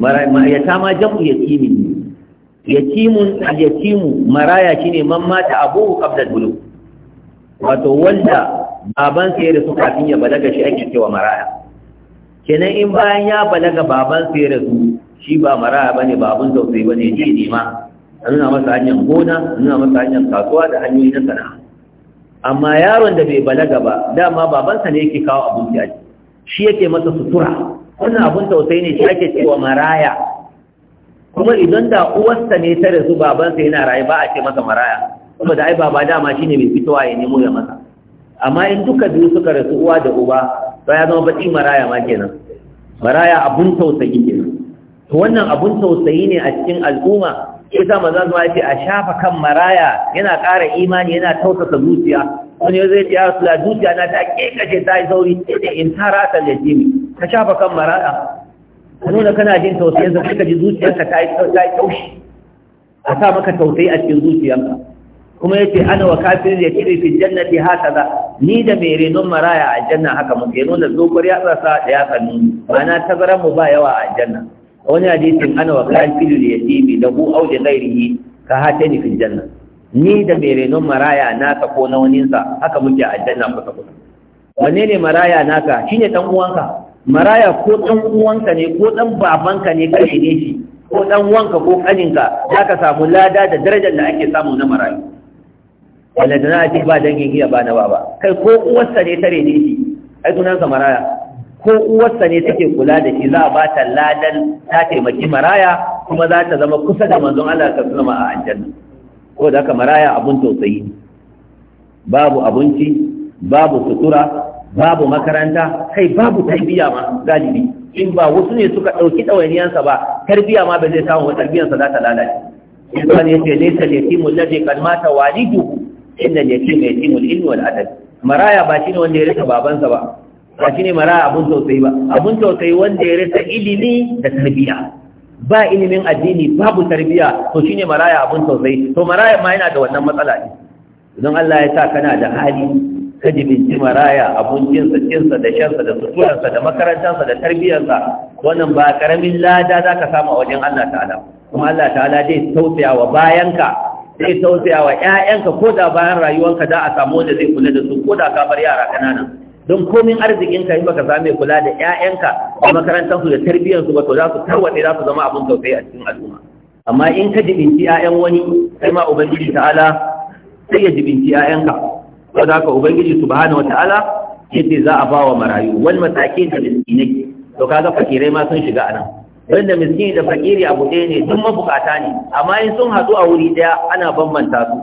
marayu ya ta ma jam'u yatimin ne yatimun al-yatimu maraya shine man mata abu qabla al wato wanda baban sa ya rasu kafin ya balaga shi ake cewa maraya kenan in bayan ya balaga baban sa ya rasu shi ba maraya bane ba abun tausayi bane ji ne ma nuna masa hanyar gona nuna masa hanyar kasuwa da hanyoyi na sana'a amma yaron da bai balaga ba dama baban sa ne yake kawo abun a shi yake masa sutura wannan abun tausayi ne shi ake cewa maraya kuma idan da uwarsa ne ta rasu babansa yana rayu ba a ce masa maraya saboda ai baba dama shine mai fitowa ya nemo ya masa amma in duka biyu suka rasu uwa da uba to ya zama baƙi maraya ma kenan maraya abun tausayi kenan to wannan abun tausayi ne a cikin al'umma sai sa maza zuwa ce a shafa kan maraya yana ƙara imani yana tausasa zuciya wani ya zai ya sula zuciya na ta kekace ta yi sauri in tara ta jimi ka shafa kan maraya a nuna kana jin tausayinsa sa ji zuciyarka ta yi taushi a sa maka tausayi a cikin zuciyarka kuma yace ana wa kafirin ya kiri fi jannati haka za? ni da mai renon maraya a janna haka muke ya nuna zobar ya tsasa da ya kanu ma'ana tazaran mu ba yawa a janna wani hadisin ana wa kafirin ya bi da hu au da ghairihi ka ni fi janna ni da mai renon maraya naka ko na waninsa haka muke a janna kusa kusa wanne ne maraya naka shine dan uwanka maraya ko ɗan uwanka ne ko ɗan babanka ne ka ne shi ko ɗan uwanka ko ƙaninka za ka samu lada da darajar da ake samu na maraya. wanda da na ce ba dangin iya ba na baba kai ko uwarsa ne tare ne shi ai sunansa maraya ko uwarsa ne take kula da shi za a ba ta ladan ta taimaki maraya kuma za ta zama kusa da manzon Allah ka zama a aljanna ko da haka maraya abun tausayi babu abinci babu sutura babu makaranta kai babu tarbiya ma galibi in ba wasu ne suka ɗauki ɗawainiyansa ba tarbiya ma ba zai samu sa za ta lalace in ba ne ce nesa yatimu ladai kan mata walidu inda mai yatimu ilmi wal adab maraya ba shine wanda ya rasa babansa ba ba shine maraya abun tausayi ba abun tausayi wanda ya rasa ilimi da tarbiya ba ilimin addini babu tarbiya to shine maraya abun tausayi to maraya ma yana da wannan matsala ne don Allah ya sa kana da hali ka jibinci maraya abincinsa cinsa da shansa da suturarsa da makarantarsa da tarbiyyarsa wannan ba karamin lada za ka samu a wajen Allah ta'ala kuma Allah ta'ala zai tausaya wa bayanka zai tausaya wa ƴaƴanka ko da bayan rayuwarka za a samu wanda zai kula da su ko da kafar yara kanana don komin arzikinka in baka same kula da ƴaƴanka da makarantarsu da tarbiyyarsu ba to za su tarwaɗe za su zama abin tausayi a cikin al'umma amma in ka jibinci ƴaƴan wani sai ma ubangiji ta'ala sai ya jibinci ƴaƴanka saboda ka ubangiji subhanahu wataala yadda za a bawa marayu wal masakin da miskinai to kaga fakirai ma sun shiga anan don da miskini da fakiri abu ɗaya ne duk mabukata ne amma in sun haɗu a wuri ɗaya ana bambanta su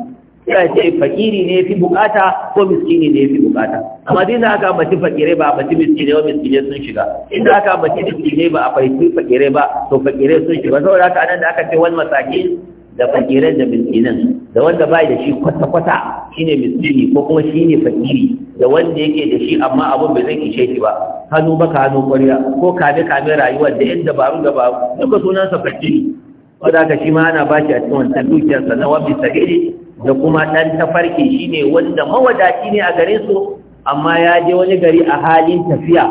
sai ce fakiri ne fi bukata ko miskini ne fi bukata amma din da aka ambaci fakirai ba ambaci miskini ba miskini sun shiga in da aka ambaci miskini ba a fahimci fakirai ba to fakirai sun shiga saboda haka anan da aka ce wal masakin da fakiran da miskinan da wanda bai da shi kwata-kwata shine miskini ko kuma shine fakiri da wanda yake da shi amma abin bai zai ishe shi ba hannu ka hannu ƙwarya ko kame kame rayuwar da yan dabaru dabaru duka sunansa fakiri wanda ka shi ma ana ba shi a cikin wancan dukiyarsa na wani sagari da kuma ɗan tafarki ne wanda mawadaci ne a gare su amma ya je wani gari a halin tafiya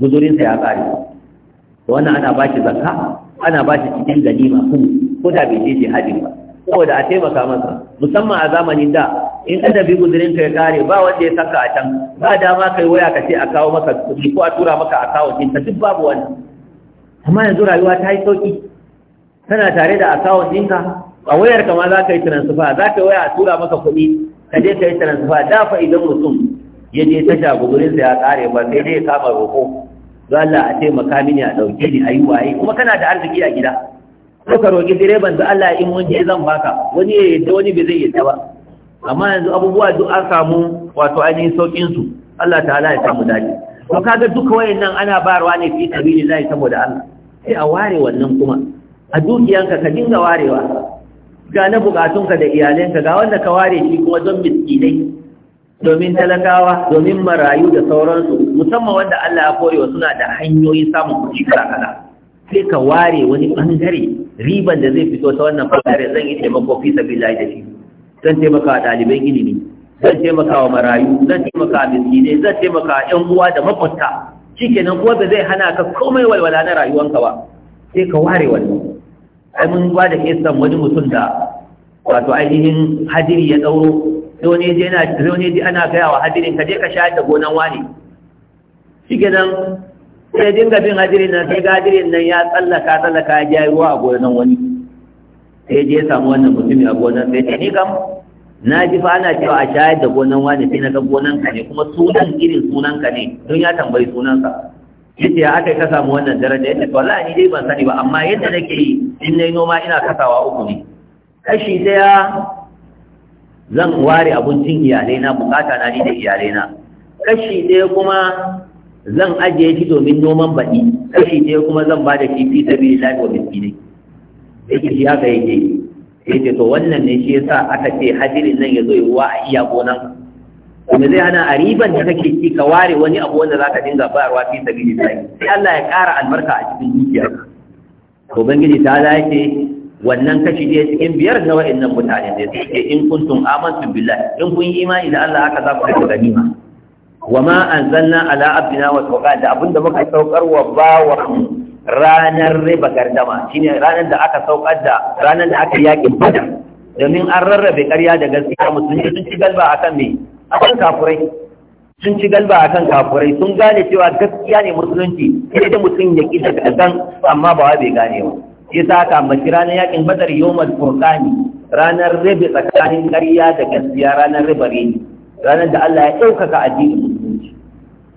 guzurinsa ya ƙare wannan ana ba shi zakka ana ba shi cikin ganima kuma ko da bai je jihadin ba saboda a taimaka masa musamman a zamanin da in ka tafi guzurin ka ya kare ba wanda ya saka a can ba dama kai waya ka ce a kawo maka kuɗi ko a tura maka a kawo ɗin ka duk babu wani amma yanzu rayuwa ta yi sauƙi kana tare da a akawun ɗinka a wayar ka ma za ka yi transfer za ka waya a tura maka kuɗi ka je ka yi transfer da fa idan mutum ya je tasha guzurin sa ya kare ba sai dai ya kama roƙo don Allah a taimaka mini a ɗauke ni a yi waye kuma kana da arziki a gida ko ka roƙi direban da Allah in mun je zan baka wani ya yadda wani bai zai yadda ba amma yanzu abubuwa duk an samu wato ainihin sauƙin su Allah ta'ala ya samu dace to kaga duka wayannan ana bayarwa ne fi sabilillahi saboda Allah sai a ware wannan kuma a dukiyanka ka dinga warewa ga na bukatunka da iyalanka ga wanda ka ware shi kuma don miskinai domin talakawa domin marayu da sauransu musamman wanda Allah ya korewa suna da hanyoyin samun kuɗi kala-kala sai ka ware wani bangare riban da zai fito ta wannan bangare zan yi taimako fi sabilillahi da shi zan taimaka wa ɗaliban ilimi zan taimaka wa marayu zan taimaka wa miskinai zan taimaka wa ƴan uwa da makwabta shikenan kuma ba zai hana ka komai walwala na rayuwanka ba sai ka ware wannan ai mun ba da kisan wani mutum da wato ainihin hadiri ya ɗauro sai wani je ana gaya wa hadirin ka je ka shayar da gonan wani shikenan sai dinga bin hadirin nan sai gajirin nan ya tsallaka tsallaka ya ja ruwa a gonan wani sai je samu wannan mutumin a gonan sai ta ni kam na ji fa ana cewa a shayar da gonan wani sai na ga gonan ka ne kuma sunan irin sunan ka ne don ya tambayi sunansa. ka ya aka ka samu wannan daraja yace wallahi ni dai ban sani ba amma yadda nake yi in n'a yi noma ina kasawa uku ne kashi daya zan ware abincin iyalai na bukata na ni da iyalai na kashi daya kuma zan ajiye shi domin noman baɗi kashi ne kuma zan ba da shi fi sabi lillahi wa miskinai yake shi haka yake yake to wannan ne shi yasa aka ce hadirin nan ya zo yi ruwa a iya gonan kuma zai hana a riban da kake ci ka ware wani abu wanda zaka dinga bayarwa fi sabi lillahi sai Allah ya ƙara albarka a cikin dukiya to bangiji ta Allah yake wannan kashi ne cikin biyar na wa'annan mutane da suke in kuntum amantu billahi in kun yi imani da Allah haka za ku rika ganima wa ma anzalna ala abdina wa tawqa da abinda muka saukar wa bawan ranar riba gardama shine ranar da aka saukar da ranar da aka yaƙin bada. domin an rarrabe ƙarya da gaskiya musulmi sun ci galba akan me akan kafurai sun ci galba akan kafurai sun gane cewa gaskiya ne musulunci sai da mutum ya ƙi daga gan amma ba bai gane ba shi sa aka mace ranar yaƙin badar yawmal furqani ranar riba tsakanin ƙarya da gaskiya ranar riba ne ranar da Allah ya ɗaukaka addinin musulunci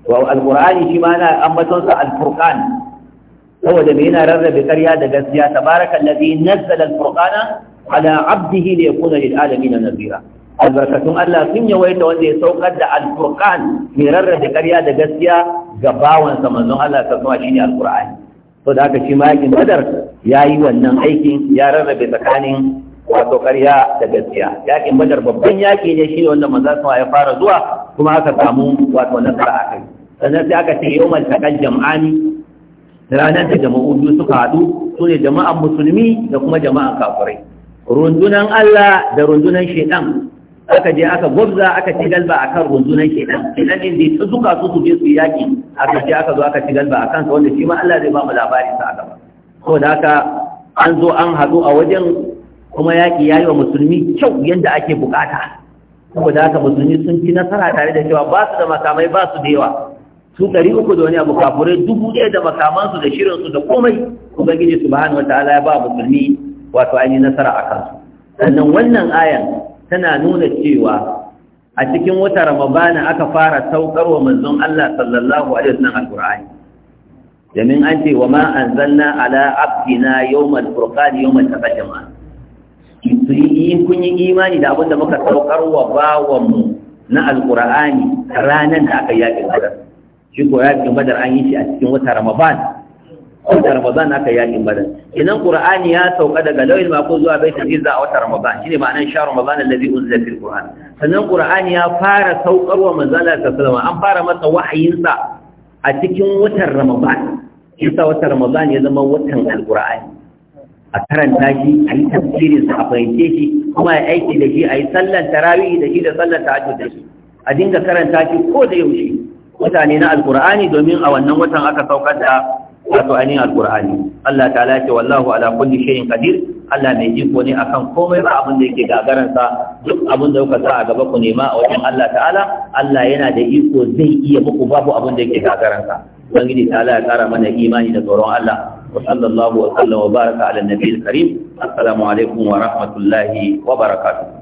to alqur'ani shi ma ana ambaton sa alfurqan saboda me yana rarrabe ƙarya da gaskiya tabarakallazi nazzala alfurqana ala abdihi liyakuna lil alamin nazira. albarkatun Allah sun yawaita wanda ya saukar da alfurqan mai rarrabe ƙarya da gaskiya ga bawansa manzon Allah ta kuma shine alqur'ani to da aka shi ma yakin badar yayi wannan aikin ya rarrabe tsakanin wato ƙarya da gaskiya yakin badar babban yaki ne shi wanda manzo sama ya fara zuwa kuma aka samu wato nasara a kai sannan sai aka ce yawmal taqal jam'ani ranar da jama'u biyu suka haɗu su ne jama'an musulmi da kuma jama'an kafirai rundunan Allah da rundunan shaitan aka je aka gwabza aka ci galba a kan rundunan shaitan shaitan din da ta zuka su su je su yaki aka ce aka zo aka ci galba a kansa wanda shi ma Allah zai ba mu labarin sa a gaba saboda haka an zo an haɗu a wajen kuma yaƙi ya yi wa musulmi kyau yadda ake bukata saboda haka musulmi sun ci nasara tare da cewa ba su da makamai ba su da yawa su ɗari uku da wani abu kafurai dubu ɗaya da makamansu da shirinsu da komai ubangiji subhanahu ta'ala ya ba musulmi wato yi nasara a kansu sannan wannan ayan tana nuna cewa a cikin wata ramabana aka fara saukar wa manzon Allah sallallahu alaihi wasallam alƙur'ani domin an ce wa ma zanna ala abdina yawmal furqan yawmal taqaddama In kun yi imani da abin da muka saukar wa bawanmu na alkur'ani ranar da aka yaƙin badar shi ko yaƙin badar an yi shi a cikin wata ramadan wata ramadan aka yaƙin badar idan qur'ani ya sauka daga lawil mako zuwa baitul izza a wata ramadan shine ma'anar sha ramadan zai unzila fil qur'an sannan qur'ani ya fara saukar wa manzala sallallahu an fara masa wahayinsa a cikin watan ramadan isa watan ramadan ya zama watan alkur'ani a karanta shi a yi tafsirin sa a fahimce shi kuma ya aiki da shi a yi sallan tarawih da shi da sallan tahajjud da shi a dinga karanta shi ko da yaushe mutane na alqur'ani domin a wannan watan aka saukar da wato ainihin alqur'ani Allah ta'ala ce wallahu ala kulli shay'in qadir Allah mai jiko ne akan komai ba abin da yake gagaran sa duk abin da kuka sa a gaba ku nema a wajen Allah ta'ala Allah yana da iko zai iya muku babu abin da yake gagaran sa ubangiji ta'ala ya kara mana imani da tsoron Allah وصلى الله وسلم وبارك على النبي الكريم السلام عليكم ورحمة الله وبركاته